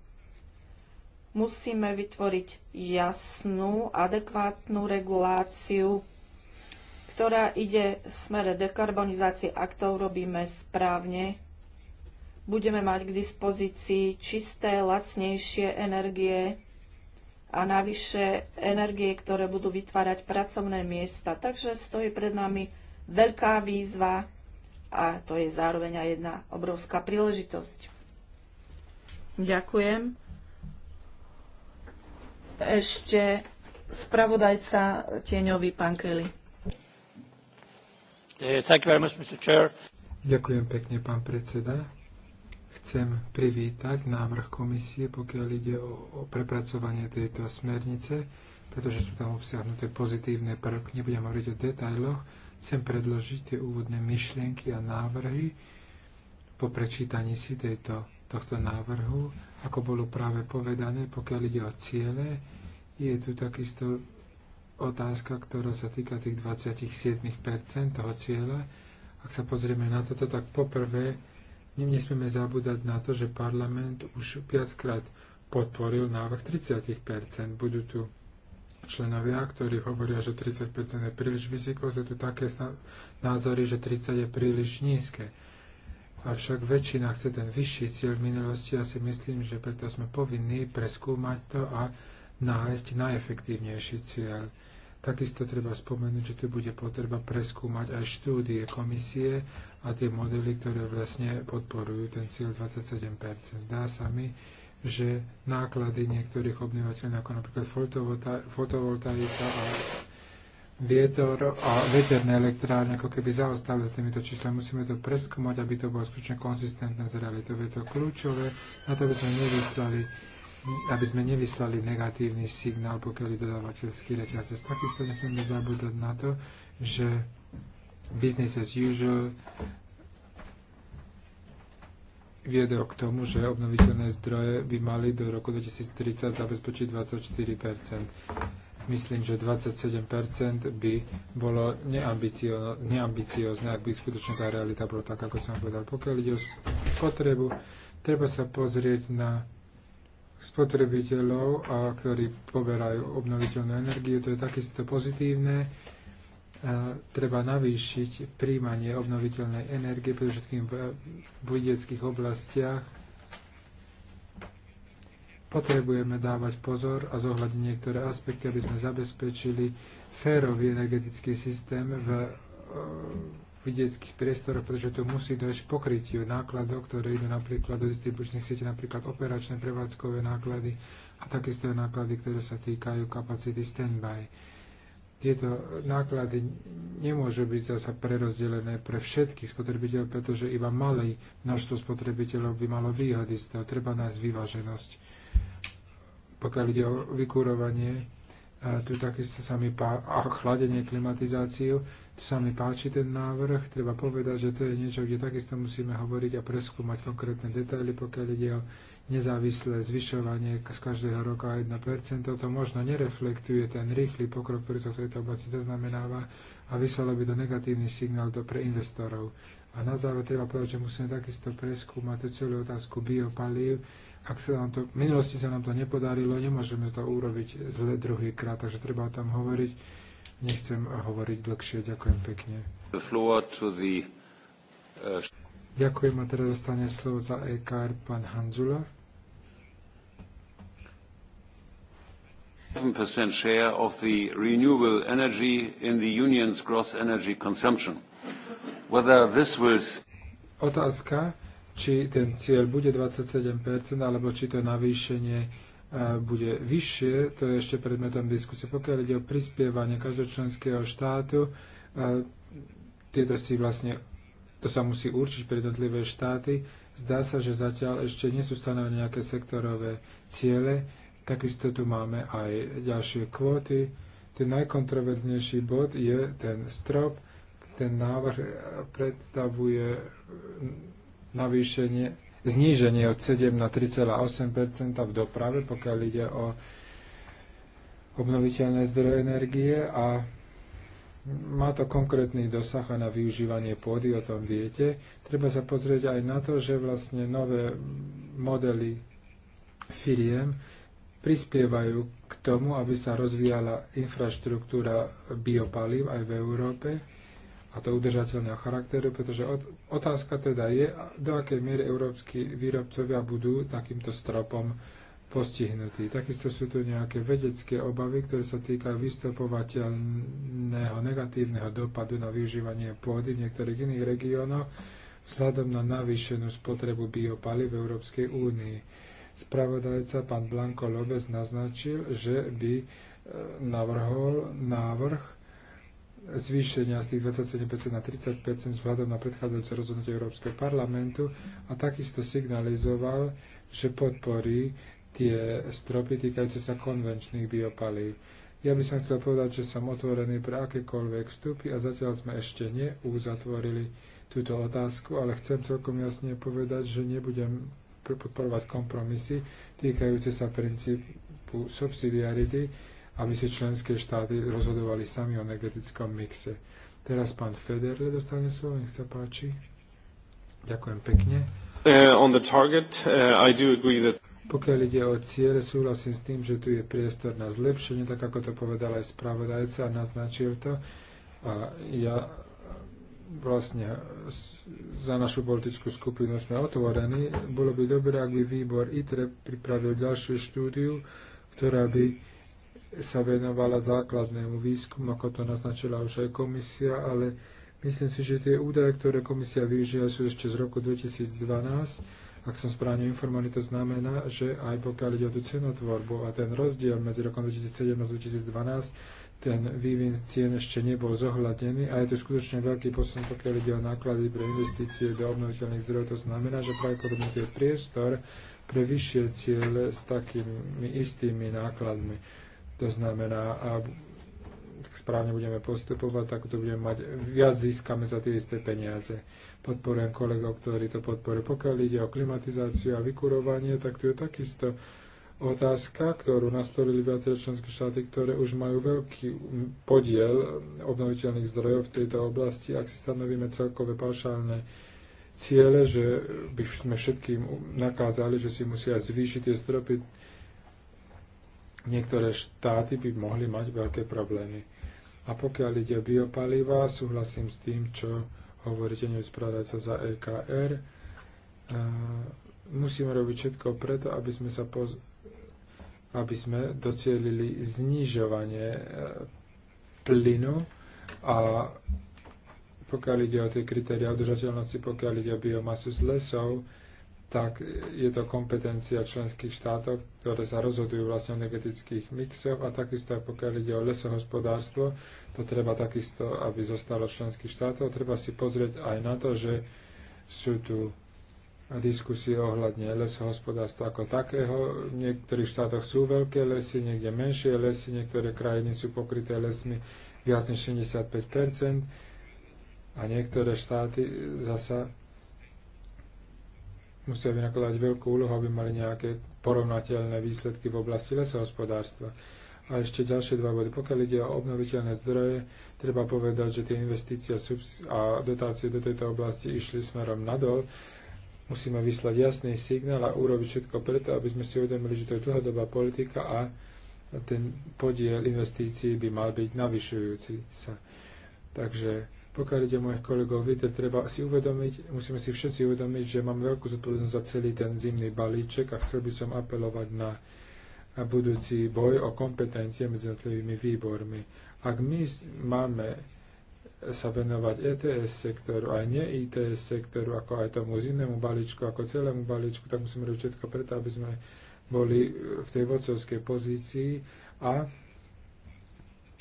Musíme vytvoriť jasnú, adekvátnu reguláciu, ktorá ide v smere dekarbonizácie, ak to urobíme správne. Budeme mať k dispozícii čisté, lacnejšie energie a navyše energie, ktoré budú vytvárať pracovné miesta. Takže stojí pred nami veľká výzva a to je zároveň aj jedna obrovská príležitosť. Ďakujem. Ešte spravodajca tieňový pán Kelly. Eh, Ďakujem pekne, pán predseda. Chcem privítať návrh komisie, pokiaľ ide o, o prepracovanie tejto smernice, pretože sú tam obsiahnuté pozitívne prvky. Nebudem hovoriť o detailoch, Chcem predložiť tie úvodné myšlienky a návrhy po prečítaní si tejto, tohto návrhu. Ako bolo práve povedané, pokiaľ ide o ciele, je tu takisto otázka, ktorá sa týka tých 27% toho cieľa. Ak sa pozrieme na toto, tak poprvé nesmieme zabúdať na to, že parlament už viackrát podporil návrh 30%. Budú tu členovia, ktorí hovoria, že 35 je príliš vysoko, sú tu také názory, že 30 je príliš nízke. Avšak väčšina chce ten vyšší cieľ v minulosti a si myslím, že preto sme povinní preskúmať to a nájsť najefektívnejší cieľ. Takisto treba spomenúť, že tu bude potreba preskúmať aj štúdie komisie a tie modely, ktoré vlastne podporujú ten cieľ 27%. Zdá sa mi, že náklady niektorých obnovateľov, ako napríklad fotovoltaika a vietor a veterné elektrárne ako keby zaostali za týmito číslami. Musíme to preskúmať, aby to bolo skutočne konzistentné s realitou. Je to kľúčové na to, aby sme nevyslali aby sme nevyslali negatívny signál, pokiaľ je dodávateľský reťazec. Takisto nesmieme zabúdať na to, že business as usual viedol k tomu, že obnoviteľné zdroje by mali do roku 2030 zabezpečiť 24 Myslím, že 27 by bolo neambicio, neambiciozne, ak by skutočne tá realita bola tak, ako som povedal. Pokiaľ ide o spotrebu, treba sa pozrieť na spotrebiteľov, a ktorí poberajú obnoviteľnú energiu. To je takisto pozitívne treba navýšiť príjmanie obnoviteľnej energie, predovšetkým v budeckých oblastiach. Potrebujeme dávať pozor a zohľadiť niektoré aspekty, aby sme zabezpečili férový energetický systém v e, vidieckých priestoroch, pretože to musí dať pokrytiu nákladov, ktoré idú napríklad do distribučných sietí, napríklad operačné prevádzkové náklady a takisto aj náklady, ktoré sa týkajú kapacity standby. by tieto náklady nemôžu byť zasa prerozdelené pre všetkých spotrebiteľov, pretože iba malé množstvo spotrebiteľov by malo výhody z toho. Treba nájsť vyváženosť. Pokiaľ ide o vykurovanie, a tu takisto sa mi páči, a chladenie, klimatizáciu, tu sa mi páči ten návrh. Treba povedať, že to je niečo, kde takisto musíme hovoriť a preskúmať konkrétne detaily, pokiaľ ide o nezávislé zvyšovanie z každého roka 1%. To možno nereflektuje ten rýchly pokrok, ktorý sa v tejto oblasti zaznamenáva a vyslalo by to negatívny signál do pre investorov. A na záver treba povedať, že musíme takisto preskúmať tú celú otázku biopalív, ak sa nám to, v minulosti sa nám to nepodarilo, nemôžeme to urobiť zle druhýkrát, takže treba o tom hovoriť. Nechcem hovoriť dlhšie, ďakujem pekne. The floor to the, uh... Ďakujem a teraz zostane slovo za EKR pán Hanzula. 7% share of the renewable energy in the union's gross energy consumption. Whether this will... Otázka, či ten cieľ bude 27%, alebo či to navýšenie e, bude vyššie, to je ešte predmetom diskusie. Pokiaľ ide o prispievanie členského štátu, e, tieto si vlastne, to sa musí určiť pre jednotlivé štáty. Zdá sa, že zatiaľ ešte nie sú stanovené nejaké sektorové ciele. Takisto tu máme aj ďalšie kvóty. Ten najkontroverznejší bod je ten strop. Ten návrh predstavuje navýšenie, zníženie od 7 na 3,8 v doprave, pokiaľ ide o obnoviteľné zdroje energie a má to konkrétny dosah aj na využívanie pôdy, o tom viete. Treba sa pozrieť aj na to, že vlastne nové modely firiem prispievajú k tomu, aby sa rozvíjala infraštruktúra biopalív aj v Európe a to udržateľného charakteru, pretože otázka teda je, do akej miery európsky výrobcovia budú takýmto stropom postihnutí. Takisto sú tu nejaké vedecké obavy, ktoré sa týkajú vystopovateľného negatívneho dopadu na využívanie pôdy v niektorých iných regiónoch vzhľadom na navýšenú spotrebu biopaly v Európskej únii. Spravodajca pán Blanko Lobes naznačil, že by e, navrhol návrh zvýšenia z tých 27% na 30% vzhľadom na predchádzajúce rozhodnutie Európskeho parlamentu a takisto signalizoval, že podporí tie stropy týkajúce sa konvenčných biopalív. Ja by som chcel povedať, že som otvorený pre akékoľvek vstupy a zatiaľ sme ešte neuzatvorili túto otázku, ale chcem celkom jasne povedať, že nebudem podporovať kompromisy týkajúce sa princípu subsidiarity, aby si členské štáty rozhodovali sami o energetickom mixe. Teraz pán Federer dostane slovo, nech sa páči. Ďakujem pekne. Uh, on the target, uh, I do agree that... Pokiaľ ide o ciele, súhlasím s tým, že tu je priestor na zlepšenie, tak ako to povedal aj spravodajca a naznačil to. A ja vlastne za našu politickú skupinu sme otvorení. Bolo by dobré, ak by výbor ITRE pripravil ďalšiu štúdiu, ktorá by sa venovala základnému výskumu, ako to naznačila už aj komisia, ale myslím si, že tie údaje, ktoré komisia využíva, sú ešte z roku 2012 ak som správne informovaný, to znamená, že aj pokiaľ ide o tú cenotvorbu a ten rozdiel medzi rokom 2017 a 2012, ten vývin cien ešte nebol zohľadený a je to skutočne veľký posun, pokiaľ ide o náklady pre investície do obnoviteľných zdrojov. To znamená, že pravdepodobne je priestor pre vyššie ciele s takými istými nákladmi. To znamená, ak správne budeme postupovať, tak to budeme mať, viac získame za tie isté peniaze. Podporujem kolegov, ktorí to podporujú. Pokiaľ ide o klimatizáciu a vykurovanie, tak tu je takisto otázka, ktorú nastolili viaceré členské štáty, ktoré už majú veľký podiel obnoviteľných zdrojov v tejto oblasti. Ak si stanovíme celkové paušálne ciele, že by sme všetkým nakázali, že si musia zvýšiť tie stropy niektoré štáty by mohli mať veľké problémy. A pokiaľ ide o biopalivá, súhlasím s tým, čo hovoríte sa za EKR. E, musíme robiť všetko preto, aby sme, sa poz... aby sme docielili znižovanie e, plynu a pokiaľ ide o tie kritéria udržateľnosti, pokiaľ ide o biomasu z lesov, tak je to kompetencia členských štátov, ktoré sa rozhodujú vlastne o energetických mixoch a takisto aj pokiaľ ide o lesohospodárstvo, to treba takisto, aby zostalo členských štátov. Treba si pozrieť aj na to, že sú tu diskusie ohľadne lesohospodárstva ako takého. V niektorých štátoch sú veľké lesy, niekde menšie lesy, niektoré krajiny sú pokryté lesmi viac než 65 a niektoré štáty zasa musia vynakladať veľkú úlohu, aby mali nejaké porovnateľné výsledky v oblasti lesohospodárstva. A ešte ďalšie dva body. Pokiaľ ide o obnoviteľné zdroje, treba povedať, že tie investície a dotácie do tejto oblasti išli smerom nadol. Musíme vyslať jasný signál a urobiť všetko preto, aby sme si uvedomili, že to je dlhodobá politika a ten podiel investícií by mal byť navyšujúci sa. Takže pokiaľ ide mojich kolegov, viete, treba si uvedomiť, musíme si všetci uvedomiť, že mám veľkú zodpovednosť za celý ten zimný balíček a chcel by som apelovať na budúci boj o kompetencie medzi jednotlivými výbormi. Ak my máme sa venovať ETS sektoru, aj nie ITS sektoru, ako aj tomu zimnému balíčku, ako celému balíčku, tak musíme robiť všetko preto, aby sme boli v tej vodcovskej pozícii a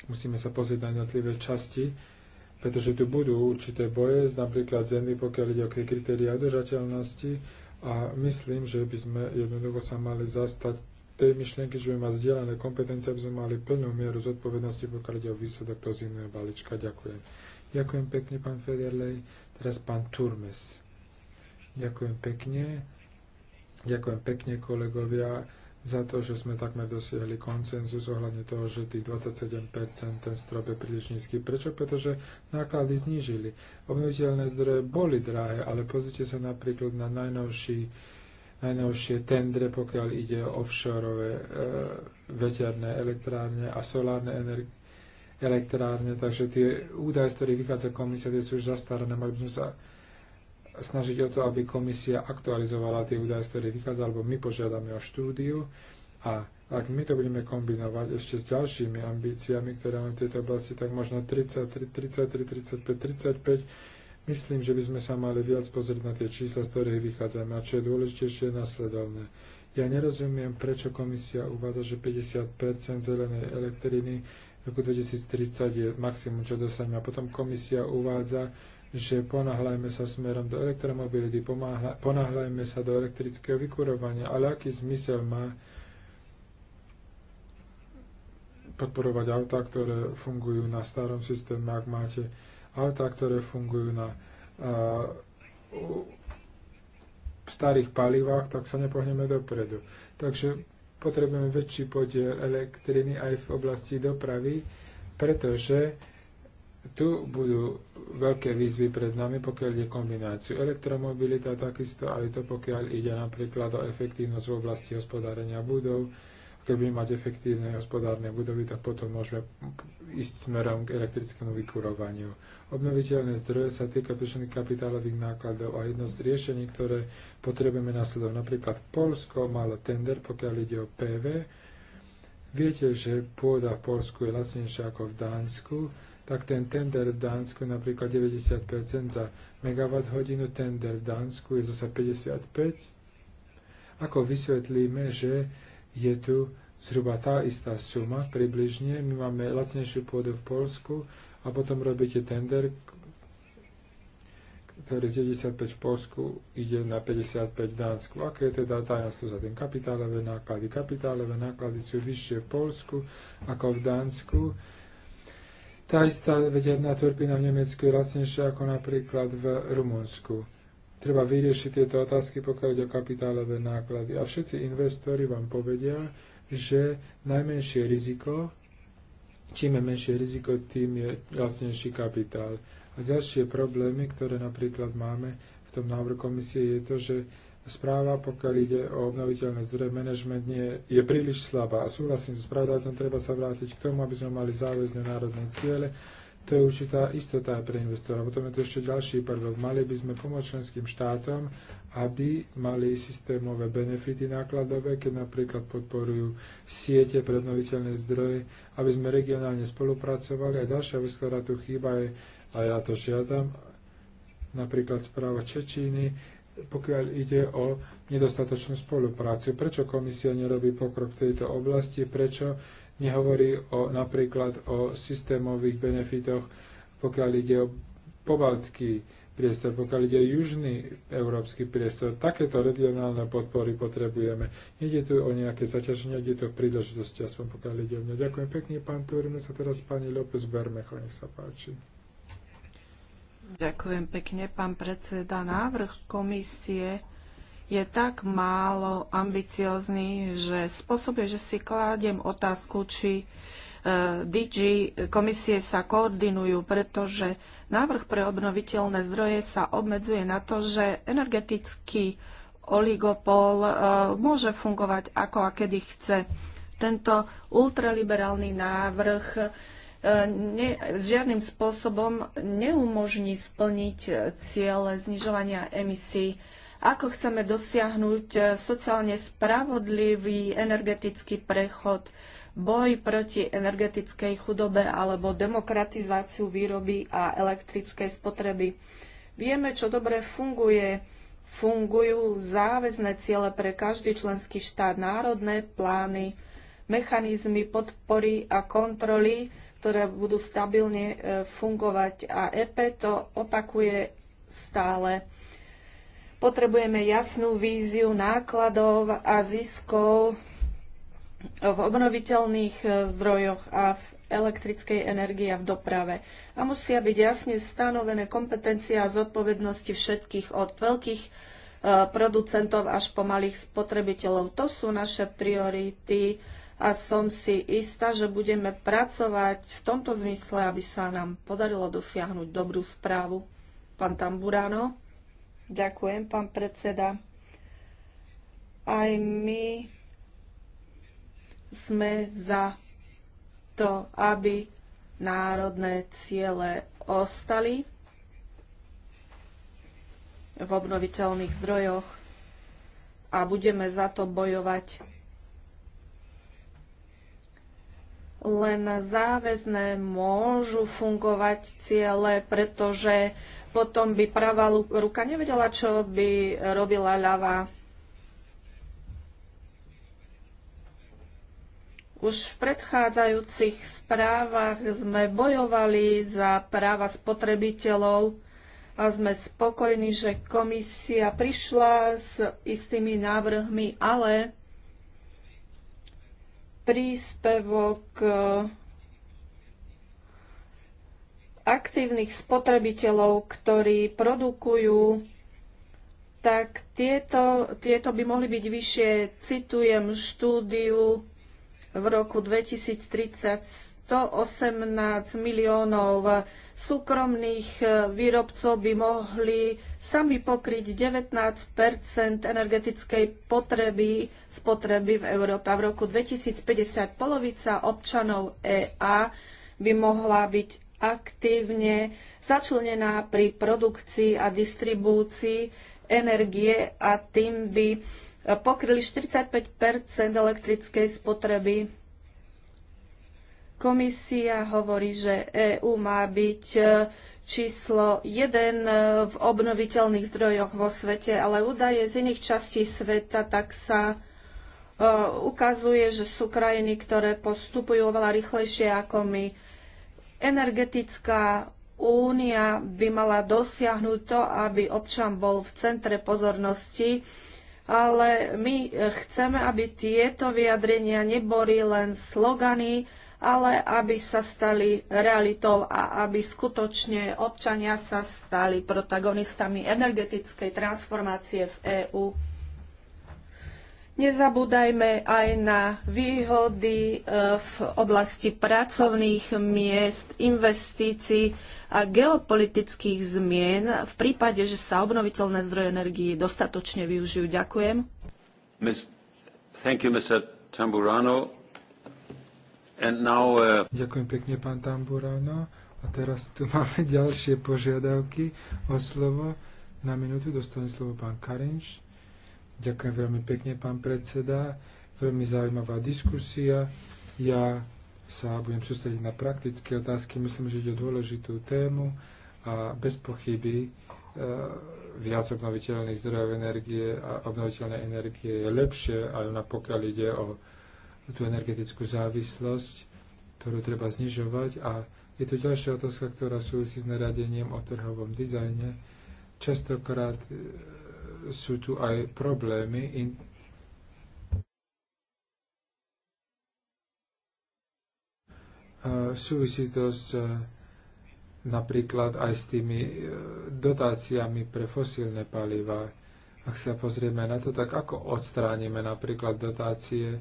musíme sa pozrieť na jednotlivé časti pretože tu budú určité boje, napríklad zemi, pokiaľ ide o kritéria udržateľnosti a myslím, že by sme jednoducho sa mali zastať tej myšlienky, že by mať zdieľané kompetencie, aby sme mali plnú mieru zodpovednosti, pokiaľ ide o výsledok toho zimného balíčka. Ďakujem. Ďakujem pekne, pán Federlej. Teraz pán Turmes. Ďakujem pekne. Ďakujem pekne, kolegovia za to, že sme takmer dosiahli koncenzus ohľadne toho, že tých 27% ten strop je príliš nízky. Prečo? Pretože náklady znížili. Obnoviteľné zdroje boli drahé, ale pozrite sa napríklad na najnovší, najnovšie tendre, pokiaľ ide o offshore e, veterné elektrárne a solárne energie elektrárne, takže tie údaje, z ktorých vychádza komisia, tie sú už zastarané, mali by sme sa snažiť o to, aby komisia aktualizovala tie údaje, z ktorých vychádza, alebo my požiadame o štúdiu a ak my to budeme kombinovať ešte s ďalšími ambíciami, ktoré máme v tejto oblasti, tak možno 33, 33, 35, 35, myslím, že by sme sa mali viac pozrieť na tie čísla, z ktorých vychádzame. A čo je dôležitejšie, je nasledovné. Ja nerozumiem, prečo komisia uvádza, že 50 zelenej elektriny v roku 2030 je maximum, čo dosaňme. A potom komisia uvádza, že ponáhľajme sa smerom do elektromobility, ponáhľajme sa do elektrického vykurovania, ale aký zmysel má podporovať autá, ktoré fungujú na starom systéme, ak máte autá, ktoré fungujú na uh, starých palivách, tak sa nepohneme dopredu. Takže potrebujeme väčší podiel elektriny aj v oblasti dopravy, pretože tu budú veľké výzvy pred nami, pokiaľ ide kombináciu elektromobilita, takisto aj to, pokiaľ ide napríklad o efektívnosť v oblasti hospodárenia budov. Keď budeme mať efektívne hospodárne budovy, tak potom môžeme ísť smerom k elektrickému vykurovaniu. Obnoviteľné zdroje sa týka predovšetkým kapitálových nákladov a jedno z riešení, ktoré potrebujeme nasledovať. Napríklad Polsko malo tender, pokiaľ ide o PV. Viete, že pôda v Polsku je lacnejšia ako v Dánsku tak ten tender v Dánsku je napríklad 90% za megawatt hodinu, tender v Dánsku je zase 55. Ako vysvetlíme, že je tu zhruba tá istá suma približne, my máme lacnejšiu pôdu v Polsku a potom robíte tender, ktorý z 95 v Polsku ide na 55 v Dánsku. Aké je teda tajomstvo za ten kapitálové náklady? Kapitálové náklady sú vyššie v Polsku ako v Dánsku tá istá vedená turbína v Nemecku je lacnejšia ako napríklad v Rumunsku. Treba vyriešiť tieto otázky, pokiaľ ide o kapitálové náklady. A všetci investori vám povedia, že najmenšie riziko, čím je menšie riziko, tým je lacnejší kapitál. A ďalšie problémy, ktoré napríklad máme v tom návrhu komisie, je to, že správa, pokiaľ ide o obnoviteľné zdroje, manažment nie, je príliš slabá. A súhlasím s spravodajcom, treba sa vrátiť k tomu, aby sme mali záväzne národné ciele. To je určitá istota aj pre investora. Potom je to ešte ďalší prvok. Mali by sme pomôcť členským štátom, aby mali systémové benefity nákladové, keď napríklad podporujú siete pre obnoviteľné zdroje, aby sme regionálne spolupracovali. A ďalšia vec, ktorá tu chýba, je, a ja to žiadam, napríklad správa Čečíny, pokiaľ ide o nedostatočnú spoluprácu. Prečo komisia nerobí pokrok v tejto oblasti? Prečo nehovorí o, napríklad o systémových benefitoch, pokiaľ ide o pobaltský priestor, pokiaľ ide o južný európsky priestor. Takéto regionálne podpory potrebujeme. Nede tu o nejaké zaťaženie, ide tu o príležitosti, aspoň pokiaľ ide o mňa. Ďakujem pekne, pán Turino, sa teraz pani López Bermecho, nech sa páči. Ďakujem pekne, pán predseda. Návrh komisie je tak málo ambiciózny, že spôsobuje, že si kládiem otázku, či e, DG komisie sa koordinujú, pretože návrh pre obnoviteľné zdroje sa obmedzuje na to, že energetický oligopol e, môže fungovať ako a kedy chce. Tento ultraliberálny návrh E, ne, žiadnym spôsobom neumožní splniť e, ciele znižovania emisí. Ako chceme dosiahnuť e, sociálne spravodlivý energetický prechod, boj proti energetickej chudobe alebo demokratizáciu výroby a elektrickej spotreby. Vieme, čo dobre funguje. Fungujú záväzné ciele pre každý členský štát, národné plány, mechanizmy podpory a kontroly, ktoré budú stabilne e, fungovať a EP to opakuje stále. Potrebujeme jasnú víziu nákladov a ziskov v obnoviteľných e, zdrojoch a v elektrickej energie a v doprave. A musia byť jasne stanovené kompetencie a zodpovednosti všetkých od veľkých e, producentov až po malých spotrebiteľov. To sú naše priority a som si istá, že budeme pracovať v tomto zmysle, aby sa nám podarilo dosiahnuť dobrú správu. Pán Tamburáno. Ďakujem, pán predseda. Aj my sme za to, aby národné ciele ostali v obnoviteľných zdrojoch a budeme za to bojovať len záväzné môžu fungovať ciele, pretože potom by pravá ruka nevedela, čo by robila ľavá. Už v predchádzajúcich správach sme bojovali za práva spotrebiteľov a sme spokojní, že komisia prišla s istými návrhmi, ale príspevok eh, aktívnych spotrebiteľov, ktorí produkujú, tak tieto, tieto by mohli byť vyššie. Citujem štúdiu v roku 2030 118 miliónov súkromných eh, výrobcov by mohli sami pokryť 19 energetickej potreby spotreby v Európe. v roku 2050 polovica občanov EA by mohla byť aktívne začlenená pri produkcii a distribúcii energie a tým by pokryli 45 elektrickej spotreby Komisia hovorí, že EÚ má byť e, číslo jeden e, v obnoviteľných zdrojoch vo svete, ale údaje z iných častí sveta, tak sa e, ukazuje, že sú krajiny, ktoré postupujú oveľa rýchlejšie ako my. Energetická únia by mala dosiahnuť to, aby občan bol v centre pozornosti, ale my chceme, aby tieto vyjadrenia neboli len slogany, ale aby sa stali realitou a aby skutočne občania sa stali protagonistami energetickej transformácie v EÚ. Nezabúdajme aj na výhody e, v oblasti pracovných miest, investícií a geopolitických zmien v prípade, že sa obnoviteľné zdroje energii dostatočne využijú. Ďakujem. Thank you, Mr. Tamburano. Now, uh... Ďakujem pekne, pán Tamburano. A teraz tu [laughs] máme ďalšie požiadavky o slovo. Na minútu dostane slovo pán Karinš. Ďakujem veľmi pekne, pán predseda. Veľmi zaujímavá diskusia. Ja sa budem sústrediť na praktické otázky. Myslím, že ide o dôležitú tému a bez pochyby e, viac obnoviteľných zdrojov energie a obnoviteľné energie je lepšie, aj na pokiaľ ide o tú energetickú závislosť, ktorú treba znižovať. A je tu ďalšia otázka, ktorá súvisí s naradením o trhovom dizajne. Častokrát e, sú tu aj problémy súvisí to s, e, napríklad aj s tými e, dotáciami pre fosílne paliva. Ak sa pozrieme na to, tak ako odstránime napríklad dotácie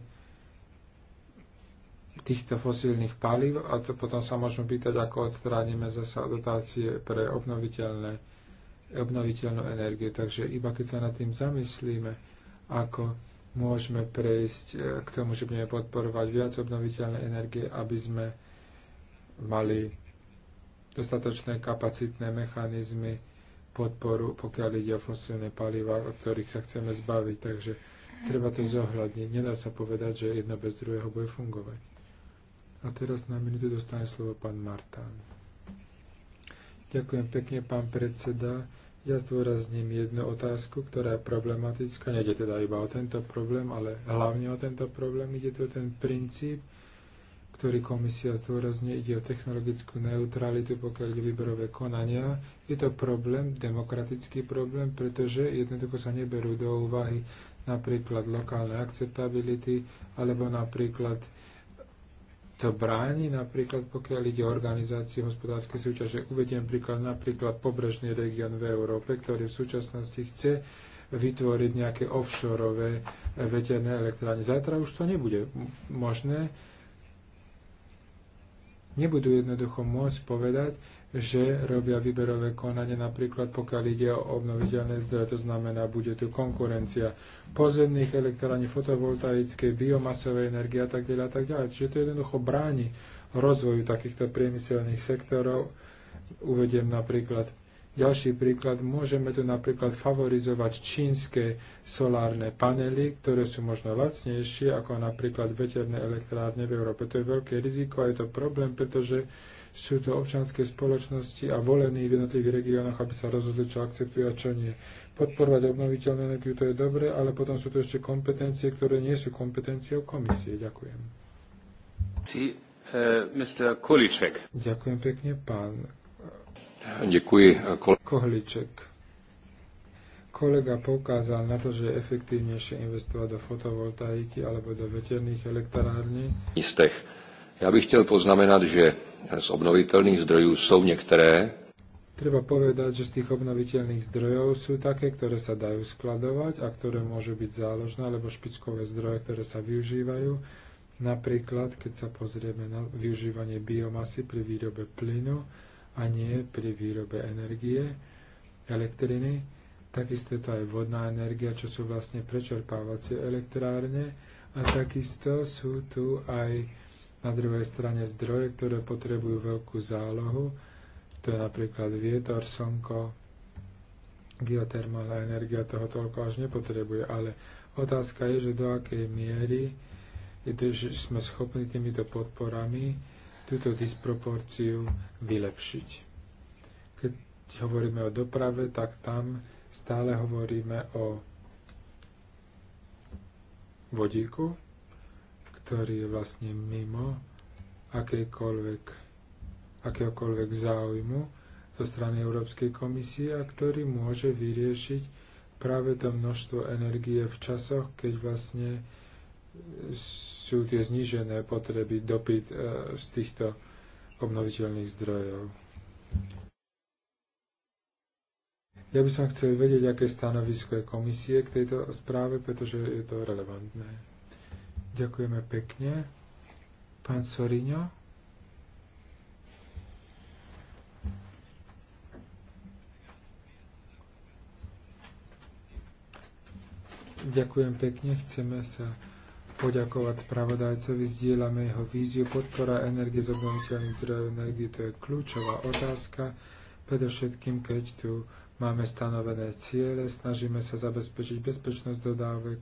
týchto fosílnych palív a to potom sa môžeme pýtať, ako odstránime zase dotácie pre obnoviteľné, obnoviteľnú energiu. Takže iba keď sa nad tým zamyslíme, ako môžeme prejsť e, k tomu, že budeme podporovať viac obnoviteľnej energie, aby sme mali dostatočné kapacitné mechanizmy podporu, pokiaľ ide o fosílne paliva, od ktorých sa chceme zbaviť. Takže treba to zohľadniť. Nedá sa povedať, že jedno bez druhého bude fungovať. A teraz na minútu dostane slovo pán Martán. Ďakujem pekne, pán predseda. Ja zdôrazním jednu otázku, ktorá je problematická. Nejde teda iba o tento problém, ale hlavne o tento problém. Ide tu ten princíp, ktorý komisia zdôrazňuje. Ide o technologickú neutralitu, pokiaľ ide výberové konania. Je to problém, demokratický problém, pretože jednoducho sa neberú do úvahy napríklad lokálne akceptability alebo napríklad to bráni, napríklad pokiaľ ide o organizáciu hospodárskej súťaže. Uvediem príklad napríklad pobrežný región v Európe, ktorý v súčasnosti chce vytvoriť nejaké offshore eh, veterné elektrárne. Zajtra už to nebude možné. Nebudú jednoducho môcť povedať, že robia výberové konanie napríklad pokiaľ ide o obnoviteľné zdroje, to znamená, bude tu konkurencia pozemných elektrární, fotovoltaickej, biomasovej energie a tak ďalej a tak ďalej. Čiže to jednoducho bráni rozvoju takýchto priemyselných sektorov. Uvediem napríklad ďalší príklad, môžeme tu napríklad favorizovať čínske solárne panely, ktoré sú možno lacnejšie ako napríklad veterné elektrárne v Európe. To je veľké riziko a je to problém, pretože sú to občanské spoločnosti a volení v jednotlivých regiónoch, aby sa rozhodli, čo akceptujú a čo nie. Podporovať obnoviteľnú energiu to je dobre, ale potom sú to ešte kompetencie, ktoré nie sú kompetenciou komisie. Ďakujem. Sí, uh, eh, Mr. Kuliček. Ďakujem pekne, pán. Ďakujem. Eh, eh, Kohliček kolega poukázal na to, že je efektívnejšie investovať do fotovoltaiky alebo do veterných elektrární. Místech. Ja bych chtěl poznamenat, že z obnoviteľných zdrojov sú niektoré. Treba povedať, že z tých obnoviteľných zdrojov sú také, ktoré sa dajú skladovať a ktoré môžu byť záložné, alebo špičkové zdroje, ktoré sa využívajú. Napríklad, keď sa pozrieme na využívanie biomasy pri výrobe plynu a nie pri výrobe energie, elektriny, takisto je to aj vodná energia, čo sú vlastne prečerpávacie elektrárne a takisto sú tu aj na druhej strane zdroje, ktoré potrebujú veľkú zálohu, to je napríklad vietor, slnko, geotermálna energia toho toľko až nepotrebuje, ale otázka je, že do akej miery že sme schopní týmito podporami túto disproporciu vylepšiť. Keď hovoríme o doprave, tak tam stále hovoríme o vodíku, ktorý je vlastne mimo akékoľvek, akéhokoľvek záujmu zo strany Európskej komisie a ktorý môže vyriešiť práve to množstvo energie v časoch, keď vlastne sú tie znížené potreby dopyt e, z týchto obnoviteľných zdrojov. Ja by som chcel vedieť, aké stanovisko je komisie k tejto správe, pretože je to relevantné. Ďakujeme pekne. Pán Soriňo. Ďakujem pekne, chceme sa poďakovať spravodajcovi, zdieľame jeho víziu. Podpora energie z obnoviteľných zdrojov energie to je kľúčová otázka, predovšetkým keď tu máme stanovené ciele, snažíme sa zabezpečiť bezpečnosť dodávek,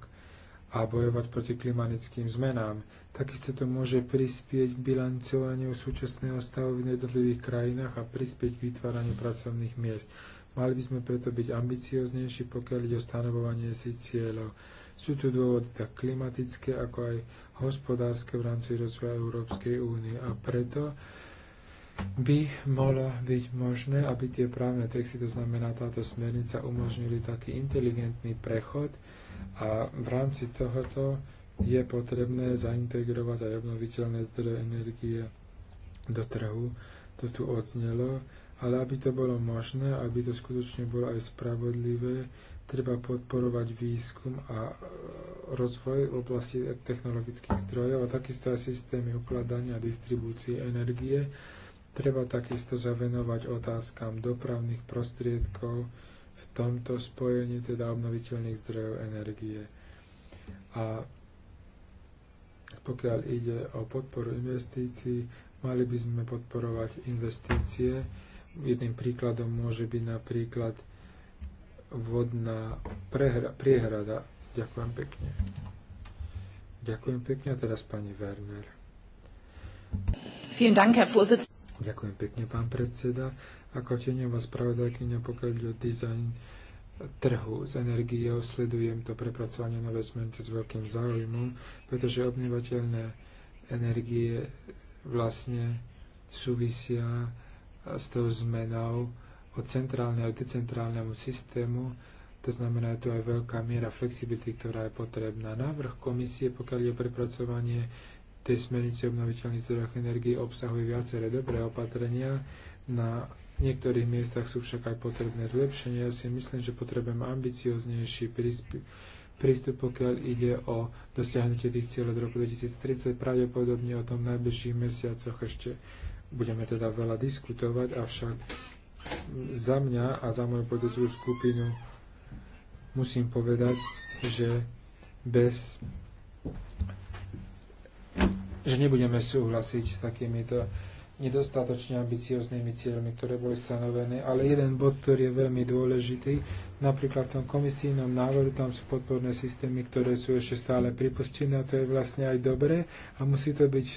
a bojovať proti klimatickým zmenám. Takisto to môže prispieť k bilancovaniu súčasného stavu v jednotlivých krajinách a prispieť k vytváraniu pracovných miest. Mali by sme preto byť ambicioznejší, pokiaľ ide o stanovovanie si cieľov. Sú tu dôvody tak klimatické, ako aj hospodárske v rámci rozvoja Európskej únie. A preto by mohlo byť možné, aby tie právne texty, to znamená táto smernica, umožnili taký inteligentný prechod, a v rámci tohoto je potrebné zaintegrovať aj obnoviteľné zdroje energie do trhu. To tu odznelo, ale aby to bolo možné, aby to skutočne bolo aj spravodlivé, treba podporovať výskum a e, rozvoj v oblasti technologických zdrojov a takisto aj systémy ukladania a distribúcie energie. Treba takisto zavenovať otázkam dopravných prostriedkov, v tomto spojení teda obnoviteľných zdrojov energie. A pokiaľ ide o podporu investícií, mali by sme podporovať investície. Jedným príkladom môže byť napríklad vodná prehra, priehrada. Ďakujem pekne. Ďakujem pekne a teraz pani Werner. Vielen Dank, Herr Vorsitzender. Ďakujem pekne, pán predseda. Ako teňová spravodajkynia, pokiaľ ide o dizajn trhu s energiou, sledujem to prepracovanie novej smernice s veľkým záujmom, pretože obnevateľné energie vlastne súvisia s tou zmenou od centrálneho a decentrálnemu systému, to znamená, je tu aj veľká miera flexibility, ktorá je potrebná. Návrh komisie, pokiaľ je prepracovanie tej smernici obnoviteľných zdrojov energie obsahuje viaceré dobré opatrenia. Na niektorých miestach sú však aj potrebné zlepšenia. Ja si myslím, že potrebujeme ambicioznejší prístup, pokiaľ ide o dosiahnutie tých cieľov do roku 2030. Pravdepodobne o tom v najbližších mesiacoch ešte budeme teda veľa diskutovať, avšak za mňa a za moju politickú skupinu musím povedať, že bez že nebudeme súhlasiť s takýmito nedostatočne ambicioznými cieľmi, ktoré boli stanovené, ale jeden bod, ktorý je veľmi dôležitý, napríklad v tom komisijnom návrhu tam sú podporné systémy, ktoré sú ešte stále pripustené a to je vlastne aj dobré a musí to byť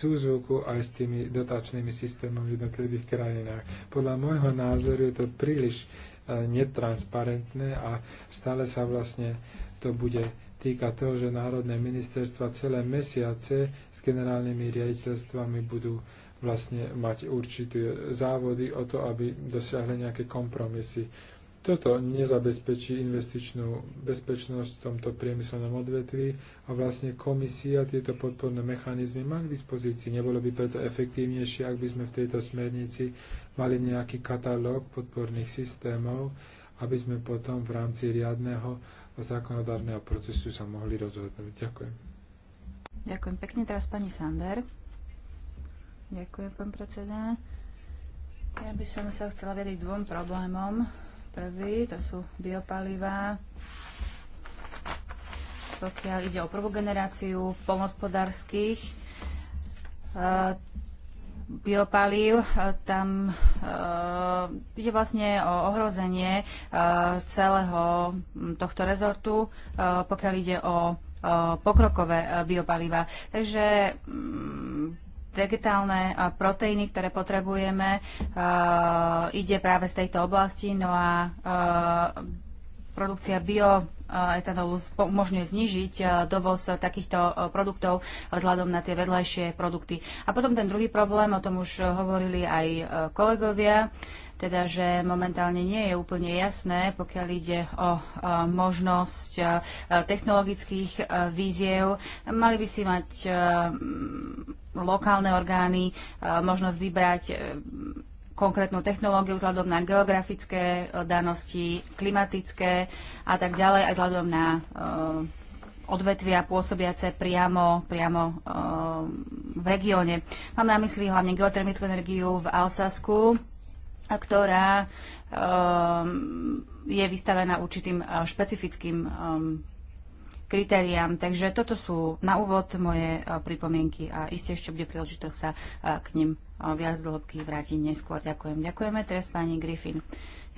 súzvuku aj s tými dotačnými systémami v jednotlivých krajinách. Podľa môjho názoru je to príliš eh, netransparentné a stále sa vlastne to bude týka toho, že národné ministerstva celé mesiace s generálnymi riaditeľstvami budú vlastne mať určité závody o to, aby dosiahli nejaké kompromisy. Toto nezabezpečí investičnú bezpečnosť v tomto priemyselnom odvetví a vlastne komisia tieto podporné mechanizmy má k dispozícii. Nebolo by preto efektívnejšie, ak by sme v tejto smernici mali nejaký katalóg podporných systémov, aby sme potom v rámci riadneho zákonodárneho procesu sa mohli rozhodnúť. Ďakujem. Ďakujem pekne. Teraz pani Sander. Ďakujem, pán predseda. Ja by som sa chcela vedieť dvom problémom. Prvý, to sú biopalivá. Pokiaľ ide o prvú generáciu polnospodárských, eh, biopalív, eh, tam uh, ide vlastne o ohrozenie uh, celého mm, tohto rezortu, uh, pokiaľ ide o uh, pokrokové uh, biopalíva. Takže um, vegetálne proteíny, ktoré potrebujeme, uh, ide práve z tejto oblasti. No a uh, produkcia bio etanolu umožňuje znižiť dovoz takýchto produktov vzhľadom na tie vedľajšie produkty. A potom ten druhý problém, o tom už e, hovorili aj e, kolegovia, teda, že momentálne nie je úplne jasné, pokiaľ ide o možnosť technologických víziev. Mali by si mať lokálne orgány možnosť vybrať e, konkrétnu technológiu vzhľadom na geografické e, danosti, klimatické a tak ďalej, aj vzhľadom na e, odvetvia pôsobiace priamo, priamo e, v regióne. Mám na mysli hlavne geotermickú energiu v Alsasku, ktorá je vystavená určitým špecifickým kritériám. Takže toto sú na úvod moje pripomienky a iste ešte bude príležitosť sa k nim viac do hĺbky vrátiť neskôr. Ďakujem. Ďakujeme teraz pani Griffin.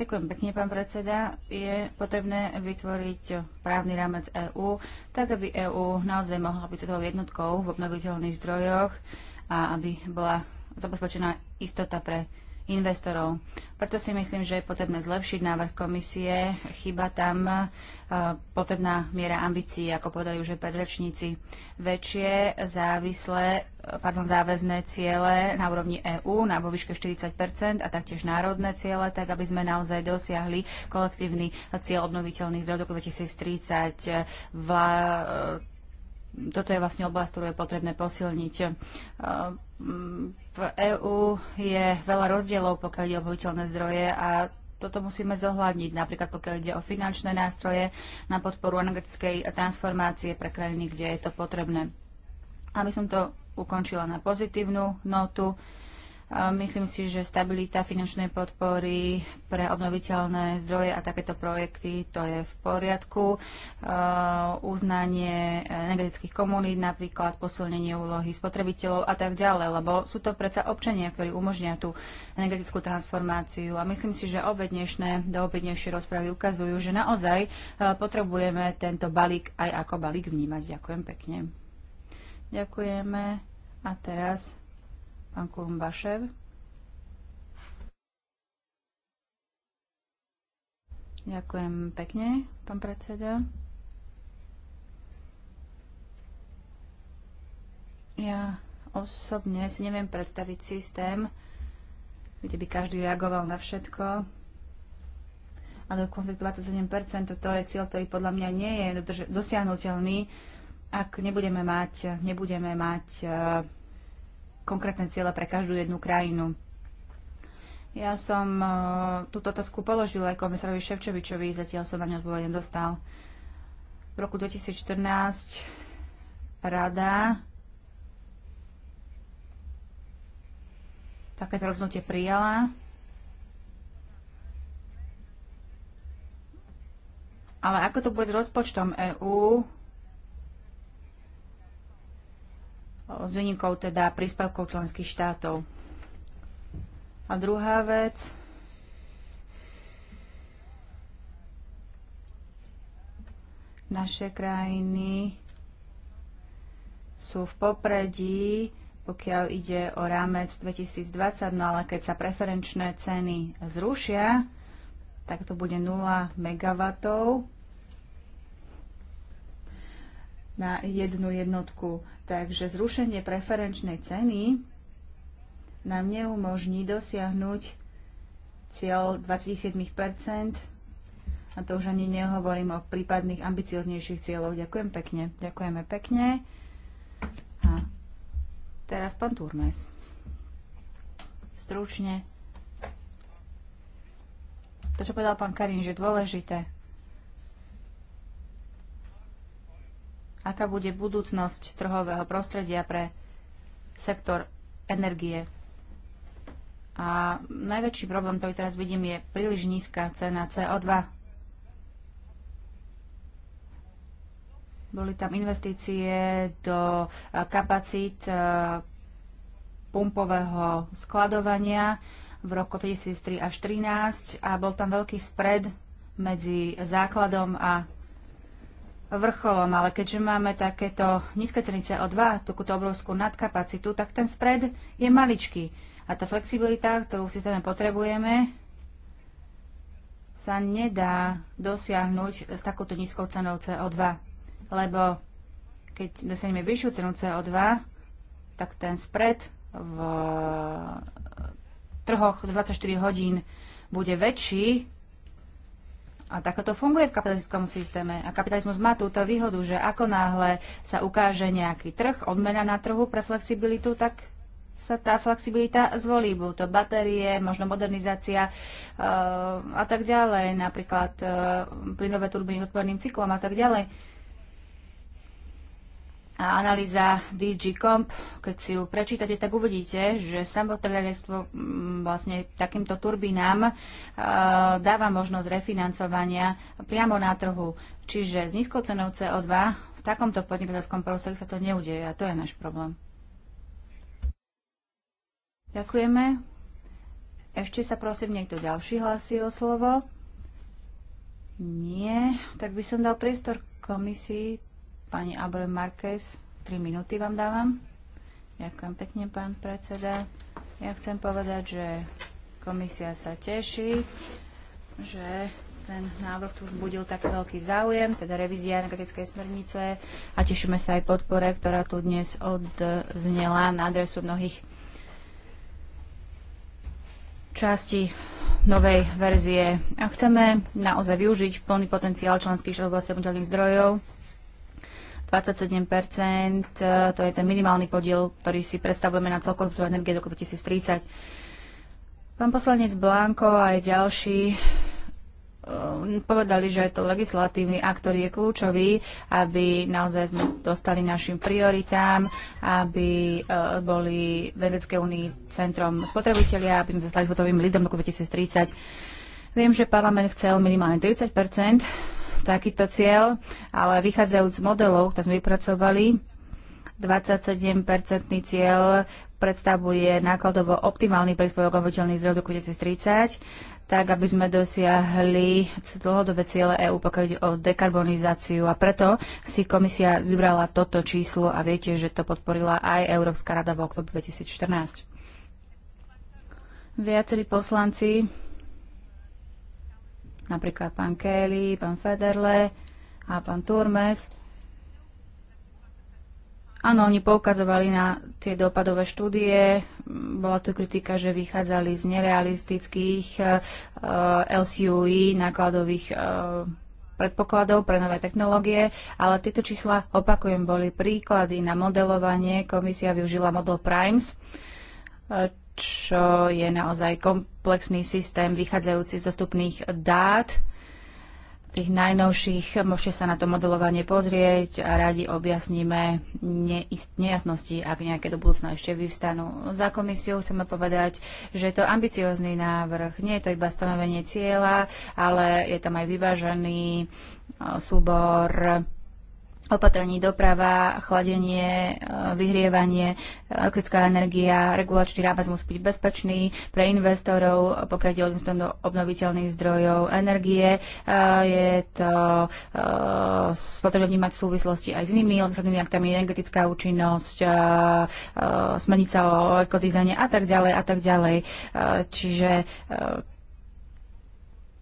Ďakujem pekne, pán predseda. Je potrebné vytvoriť právny rámec EÚ, tak aby EÚ naozaj mohla byť toho jednotkou v obnoviteľných zdrojoch a aby bola zabezpečená istota pre investorov. Preto si myslím, že je potrebné zlepšiť návrh komisie. Chyba tam eh, potrebná miera ambícií, ako povedali už aj predrečníci. Väčšie závislé, eh, pardon, záväzné ciele na úrovni EÚ na vo výške 40 a taktiež národné ciele, tak aby sme naozaj dosiahli kolektívny cieľ obnoviteľných zdrojov do 2030. Eh, v toto je vlastne oblasť, ktorú je potrebné posilniť. Mm, v EÚ je veľa rozdielov, pokiaľ ide o obnoviteľné zdroje a toto musíme zohľadniť, napríklad pokiaľ ide o finančné nástroje na podporu energetickej transformácie pre krajiny, kde je to potrebné. Aby som to ukončila na pozitívnu notu, uh, Myslím si, že stabilita finančnej podpory pre obnoviteľné zdroje a takéto projekty, to je v poriadku. Uznanie e, energetických komunít, napríklad posilnenie úlohy spotrebiteľov a tak ďalej, lebo sú to predsa občania, ktorí umožnia tú energetickú transformáciu. A myslím si, že obe dnešné, doobednejšie rozpravy ukazujú, že naozaj e, potrebujeme tento balík aj ako balík vnímať. Ďakujem pekne. Ďakujeme. A teraz Pán Kurumbašev. Ďakujem pekne, pán predseda. Ja osobne si neviem predstaviť systém, kde by každý reagoval na všetko. A dokonca 27% to je cieľ, ktorý podľa mňa nie je dosiahnutelný, ak nebudeme mať, nebudeme mať uh, konkrétne ciele pre každú jednu krajinu. Ja som uh, túto otázku položila aj komisárovi Ševčovičovi, zatiaľ som na ňu odpoveď nedostal. V roku 2014 rada takéto rozhodnutie prijala. Ale ako to bude s rozpočtom EÚ, s výnimkou teda príspevkov členských štátov. A druhá vec, naše krajiny sú v popredí, pokiaľ ide o rámec 2020, no ale keď sa preferenčné ceny zrušia, tak to bude 0 MW na jednu jednotku. Takže zrušenie preferenčnej ceny nám neumožní dosiahnuť cieľ 27 a to už ani nehovorím o prípadných ambicioznejších cieľoch. Ďakujem pekne. Ďakujeme pekne. A teraz pán Turmes. Stručne. To, čo povedal pán Karin, že dôležité aká bude budúcnosť trhového prostredia pre sektor energie. A najväčší problém, ktorý teraz vidím, je príliš nízka cena CO2. Boli tam investície do eh, kapacít eh, pumpového skladovania v roku 2003 až 2013 a bol tam veľký spred medzi základom a vrcholom, ale keďže máme takéto nízke ceny CO2, takúto obrovskú nadkapacitu, tak ten spread je maličký. A tá flexibilita, ktorú v systéme potrebujeme, sa nedá dosiahnuť s takouto nízkou cenou CO2. Lebo keď dosiahneme vyššiu cenu CO2, tak ten spread v trhoch do 24 hodín bude väčší a takto to funguje v kapitalistickom systéme. A kapitalizmus má túto výhodu, že ako náhle sa ukáže nejaký trh, odmena na trhu pre flexibilitu, tak sa tá flexibilita zvolí. Budú to batérie, možno modernizácia e, a tak ďalej, napríklad e, plynové turbíny s otvoreným cyklom a tak ďalej. Uh, analýza DG Comp, keď si ju prečítate, tak uvidíte, že samotné mm, vlastne takýmto turbínám e, dáva možnosť refinancovania priamo na trhu. Čiže s nízkou cenou CO2 v takomto podnikateľskom prostredí sa to neudeje a to je náš problém. Ďakujeme. Ešte sa prosím, niekto ďalší hlási o slovo? Nie, tak by som dal priestor komisii Pani Abel Marquez, 3 minúty vám dávam. Ďakujem pekne, pán predseda. Ja chcem povedať, že komisia sa teší, že ten návrh tu vzbudil tak veľký záujem, teda revízia energetickej smernice a tešíme sa aj podpore, ktorá tu dnes odznela na adresu mnohých časti novej verzie. A chceme naozaj využiť plný potenciál členských štátov zdrojov 27 e, to je ten minimálny podiel, ktorý si predstavujeme na celkovú energie do roku 2030. Pán poslanec Blánko a aj ďalší e, povedali, že je to legislatívny akt, ktorý je kľúčový, aby naozaj sme dostali našim prioritám, aby e, boli v Vedeckej únii centrom spotrebitelia, aby sme sa stali hotovým lídrom roku 2030. Viem, že parlament chcel minimálne 30 takýto cieľ, ale vychádzajúc z modelov, ktoré sme vypracovali, 27-percentný cieľ predstavuje nákladovo optimálny príspevok obnoviteľných zdrojov do 2030, tak aby sme dosiahli dlhodobé ciele EÚ, pokiaľ ide o dekarbonizáciu. A preto si komisia vybrala toto číslo a viete, že to podporila aj Európska rada v oktobri 2014. Viacerí poslanci napríklad pán Kelly, pán Federle a pán Turmes. Áno, oni poukazovali na tie dopadové štúdie. Bola tu kritika, že vychádzali z nerealistických e, e, LCUI, nákladových e, predpokladov pre nové technológie, ale tieto čísla, opakujem, boli príklady na modelovanie. Komisia využila model Primes, čo je naozaj komplexný systém vychádzajúci z dostupných dát, tých najnovších. Môžete sa na to modelovanie pozrieť a radi objasníme nejasnosti, ak nejaké do budúcna ešte vyvstanú. Za komisiu chceme povedať, že je to ambiciózny návrh. Nie je to iba stanovenie cieľa, ale je tam aj vyvážený e, súbor opatrení doprava, chladenie, e, vyhrievanie, e, elektrická energia, regulačný rámec musí byť bezpečný pre investorov, pokiaľ ide o do obnoviteľných zdrojov energie. E, je to potrebné vnímať v súvislosti aj s inými legislatívnymi aktami, energetická účinnosť, smernica o ekodizajne a tak ďalej a tak ďalej. Čiže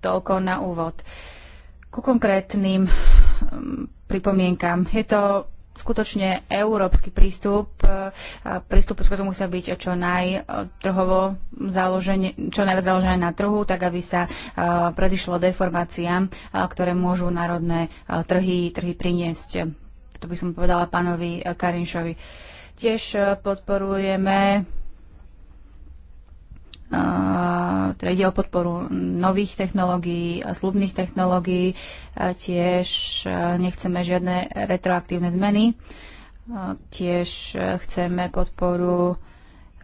toľko na úvod. Ku konkrétnym pripomienkam. Je to skutočne európsky prístup. E, prístup skôr musia byť čo najtrhovo e, založené, čo najviac založené na trhu, tak aby sa e, predišlo deformáciám, ktoré môžu národné trhy, trhy priniesť. To by som povedala pánovi Karinšovi. Tiež podporujeme teda ide o podporu nových technológií a slubných technológií. Tiež e, nechceme žiadne retroaktívne zmeny. Tiež e, chceme podporu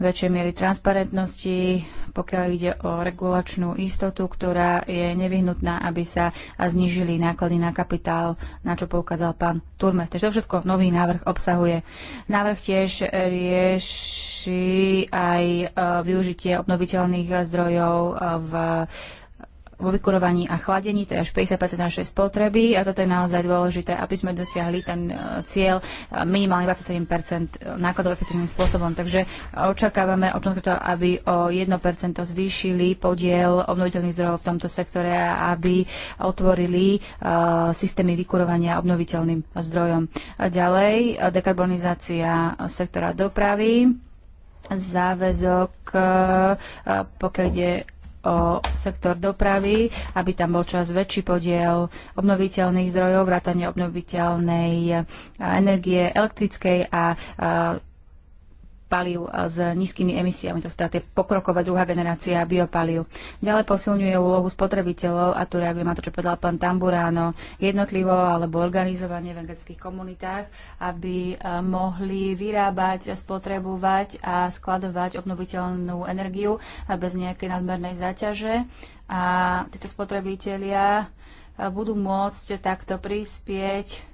väčšej miery transparentnosti, pokiaľ ide o regulačnú istotu, ktorá je nevyhnutná, aby sa znížili náklady na kapitál, na čo poukázal pán Turmes. Takže to všetko nový návrh obsahuje. Návrh tiež rieši aj e, využitie obnoviteľných zdrojov e, v vo vykurovaní a chladení, to je až 50 našej spotreby a toto je naozaj dôležité, aby sme dosiahli ten e, cieľ e, minimálne 27 e, nákladov efektívnym spôsobom. Takže očakávame od to, aby o 1 zvýšili podiel obnoviteľných zdrojov v tomto sektore a aby otvorili systémy vykurovania obnoviteľným zdrojom. A ďalej, dekarbonizácia sektora dopravy záväzok, pokiaľ ide o sektor dopravy, aby tam bol čas väčší podiel obnoviteľných zdrojov, vrátane obnoviteľnej energie, elektrickej a palív s nízkymi emisiami, to sú teda tie pokroková druhá generácia biopalív. Ďalej posilňuje úlohu spotrebiteľov, a tu reaguje na to, čo povedal pán Tamburáno, jednotlivo alebo organizovanie v energetických komunitách, aby e, mohli vyrábať, spotrebovať a skladovať obnoviteľnú energiu a bez nejakej nadmernej záťaže A títo spotrebitelia e, budú môcť takto prispieť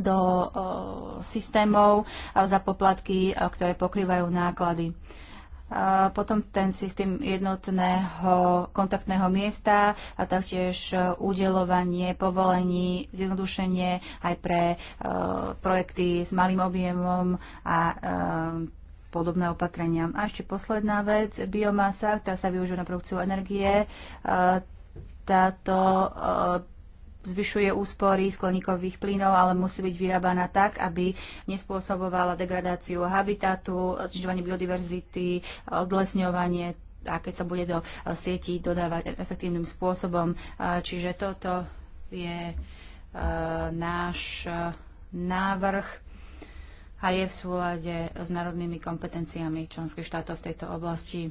do systémov za poplatky, ktoré pokrývajú náklady potom ten systém jednotného kontaktného miesta a taktiež e, udelovanie povolení, zjednodušenie aj pre e, projekty s malým objemom a e, podobné opatrenia. A ešte posledná vec, biomasa, ktorá sa využíva na produkciu energie. táto zvyšuje úspory skleníkových plynov, ale musí byť vyrábaná tak, aby nespôsobovala degradáciu habitatu, znižovanie biodiverzity, odlesňovanie a keď sa bude do eh, sietí dodávať e- efektívnym spôsobom. Čiže toto je eh, náš eh, návrh a je v súlade s národnými kompetenciami členských štátov v tejto oblasti.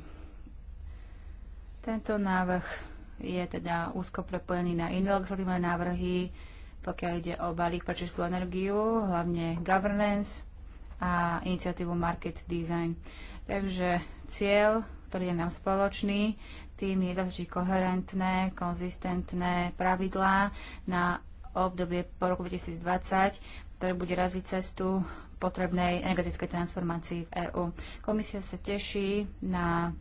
Tento návrh je teda úzko prepojený na iné legislatívne návrhy, pokiaľ ide o balík pre čistú energiu, hlavne governance a iniciatívu market design. Takže cieľ, ktorý je nám spoločný, tým je zase koherentné, konzistentné pravidlá na obdobie po roku 2020, ktoré bude raziť cestu potrebnej energetickej transformácii v EÚ. Komisia sa teší na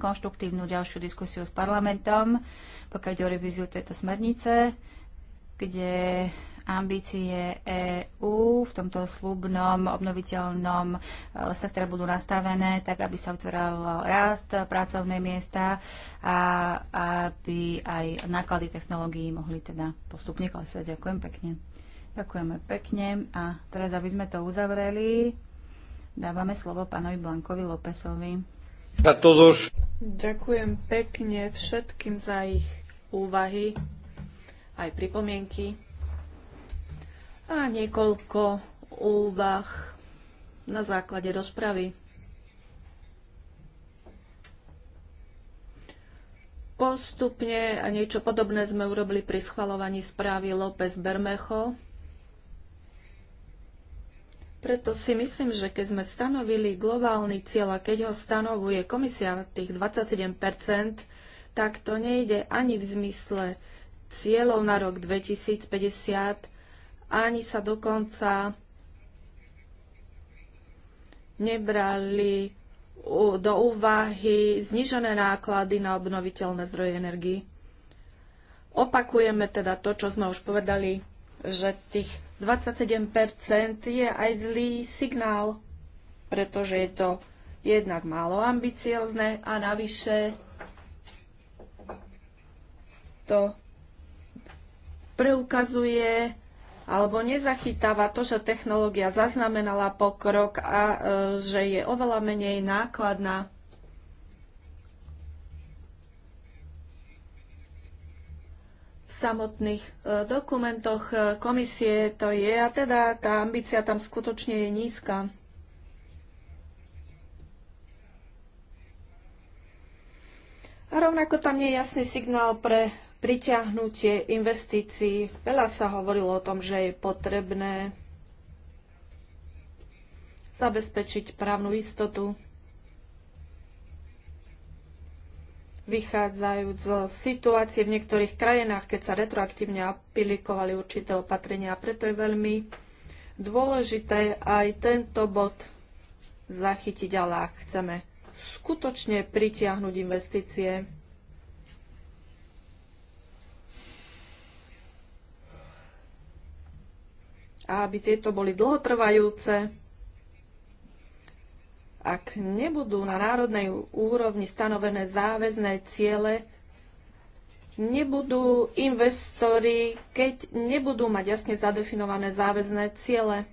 konštruktívnu ďalšiu diskusiu s parlamentom, pokiaľ ide o revíziu tejto smernice, kde ambície EÚ v tomto slubnom obnoviteľnom e, sektore budú nastavené tak, aby sa vytvoril rast pracovné miesta a aby aj náklady technológií mohli teda postupne klesať. Ďakujem pekne. Ďakujeme pekne a teraz, aby sme to uzavreli, dávame slovo pánovi Blankovi Lópezovi. Ďakujem pekne všetkým za ich úvahy, aj pripomienky a niekoľko úvah na základe rozpravy. Postupne a niečo podobné sme urobili pri schvalovaní správy López Bermecho preto si myslím, že keď sme stanovili globálny cieľ a keď ho stanovuje komisia tých 27 tak to nejde ani v zmysle cieľov na rok 2050, ani sa dokonca nebrali do úvahy znižené náklady na obnoviteľné zdroje energii. Opakujeme teda to, čo sme už povedali, že tých 27% je aj zlý signál, pretože je to jednak málo ambiciozne a navyše to preukazuje alebo nezachytáva to, že technológia zaznamenala pokrok a e, že je oveľa menej nákladná samotných e, dokumentoch e, komisie to je a teda tá ambícia tam skutočne je nízka. A rovnako tam nie je jasný signál pre priťahnutie investícií. Veľa sa hovorilo o tom, že je potrebné zabezpečiť právnu istotu vychádzajúc zo situácie v niektorých krajinách, keď sa retroaktívne aplikovali určité opatrenia. A preto je veľmi dôležité aj tento bod zachytiť, ale ak chceme skutočne pritiahnuť investície, a aby tieto boli dlhotrvajúce, ak nebudú na národnej úrovni stanovené záväzné ciele, nebudú investori, keď nebudú mať jasne zadefinované záväzné ciele.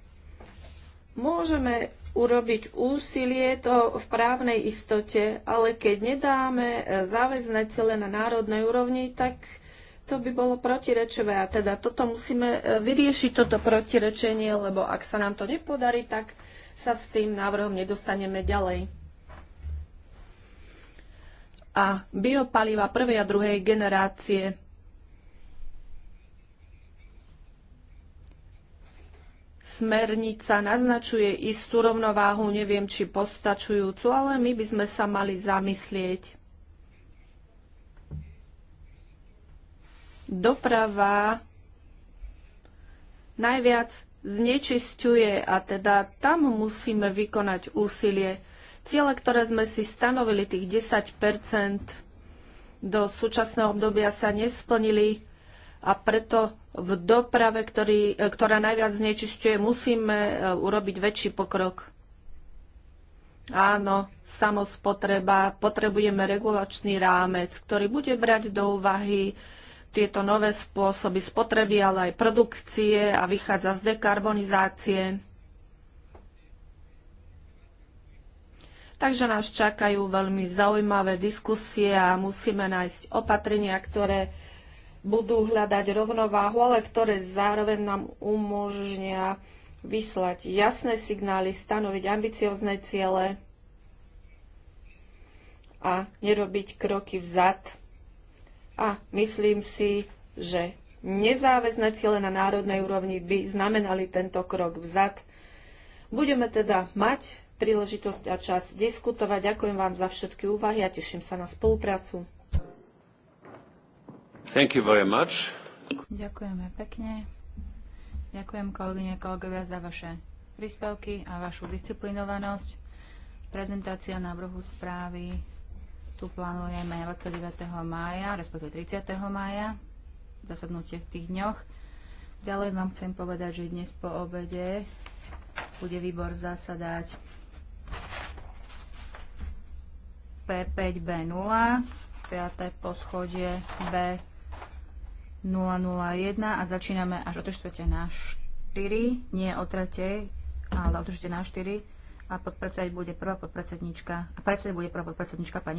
Môžeme urobiť úsilie to v právnej istote, ale keď nedáme eh, záväzné ciele na národnej úrovni, tak to by bolo protirečové. A teda toto musíme eh, vyriešiť, toto protirečenie, lebo ak sa nám to nepodarí, tak sa s tým návrhom nedostaneme ďalej. A biopaliva prvej a druhej generácie smernica naznačuje istú rovnováhu, neviem či postačujúcu, ale my by sme sa mali zamyslieť. Doprava najviac znečisťuje a teda tam musíme vykonať úsilie. Ciele, ktoré sme si stanovili, tých 10 do súčasného obdobia sa nesplnili a preto v doprave, ktorý, e, ktorá najviac znečisťuje, musíme e, urobiť väčší pokrok. Áno, samospotreba, potrebujeme regulačný rámec, ktorý bude brať do úvahy tieto nové spôsoby spotreby, ale aj produkcie a vychádza z dekarbonizácie. Takže nás čakajú veľmi zaujímavé diskusie a musíme nájsť opatrenia, ktoré budú hľadať rovnováhu, ale ktoré zároveň nám umožnia vyslať jasné signály, stanoviť ambiciozne ciele a nerobiť kroky vzad a myslím si, že nezáväzné ciele na národnej úrovni by znamenali tento krok vzad. Budeme teda mať príležitosť a čas diskutovať. Ďakujem vám za všetky úvahy a teším sa na spoluprácu. Thank you very much. Ďakujeme pekne. Ďakujem kolegyne kolegovia za vaše príspevky a vašu disciplinovanosť. Prezentácia návrhu správy tu plánujeme 29. mája, respektíve 30. mája, zasadnutie v tých dňoch. Ďalej vám chcem povedať, že dnes po obede bude výbor zasadať P5B0, 5. poschodie B001 a začíname až o 4. na 4, nie o 3., ale o 4. na 4 a podpredsedať bude prvá podpredsednička a predsedať bude prvá podpredsednička pani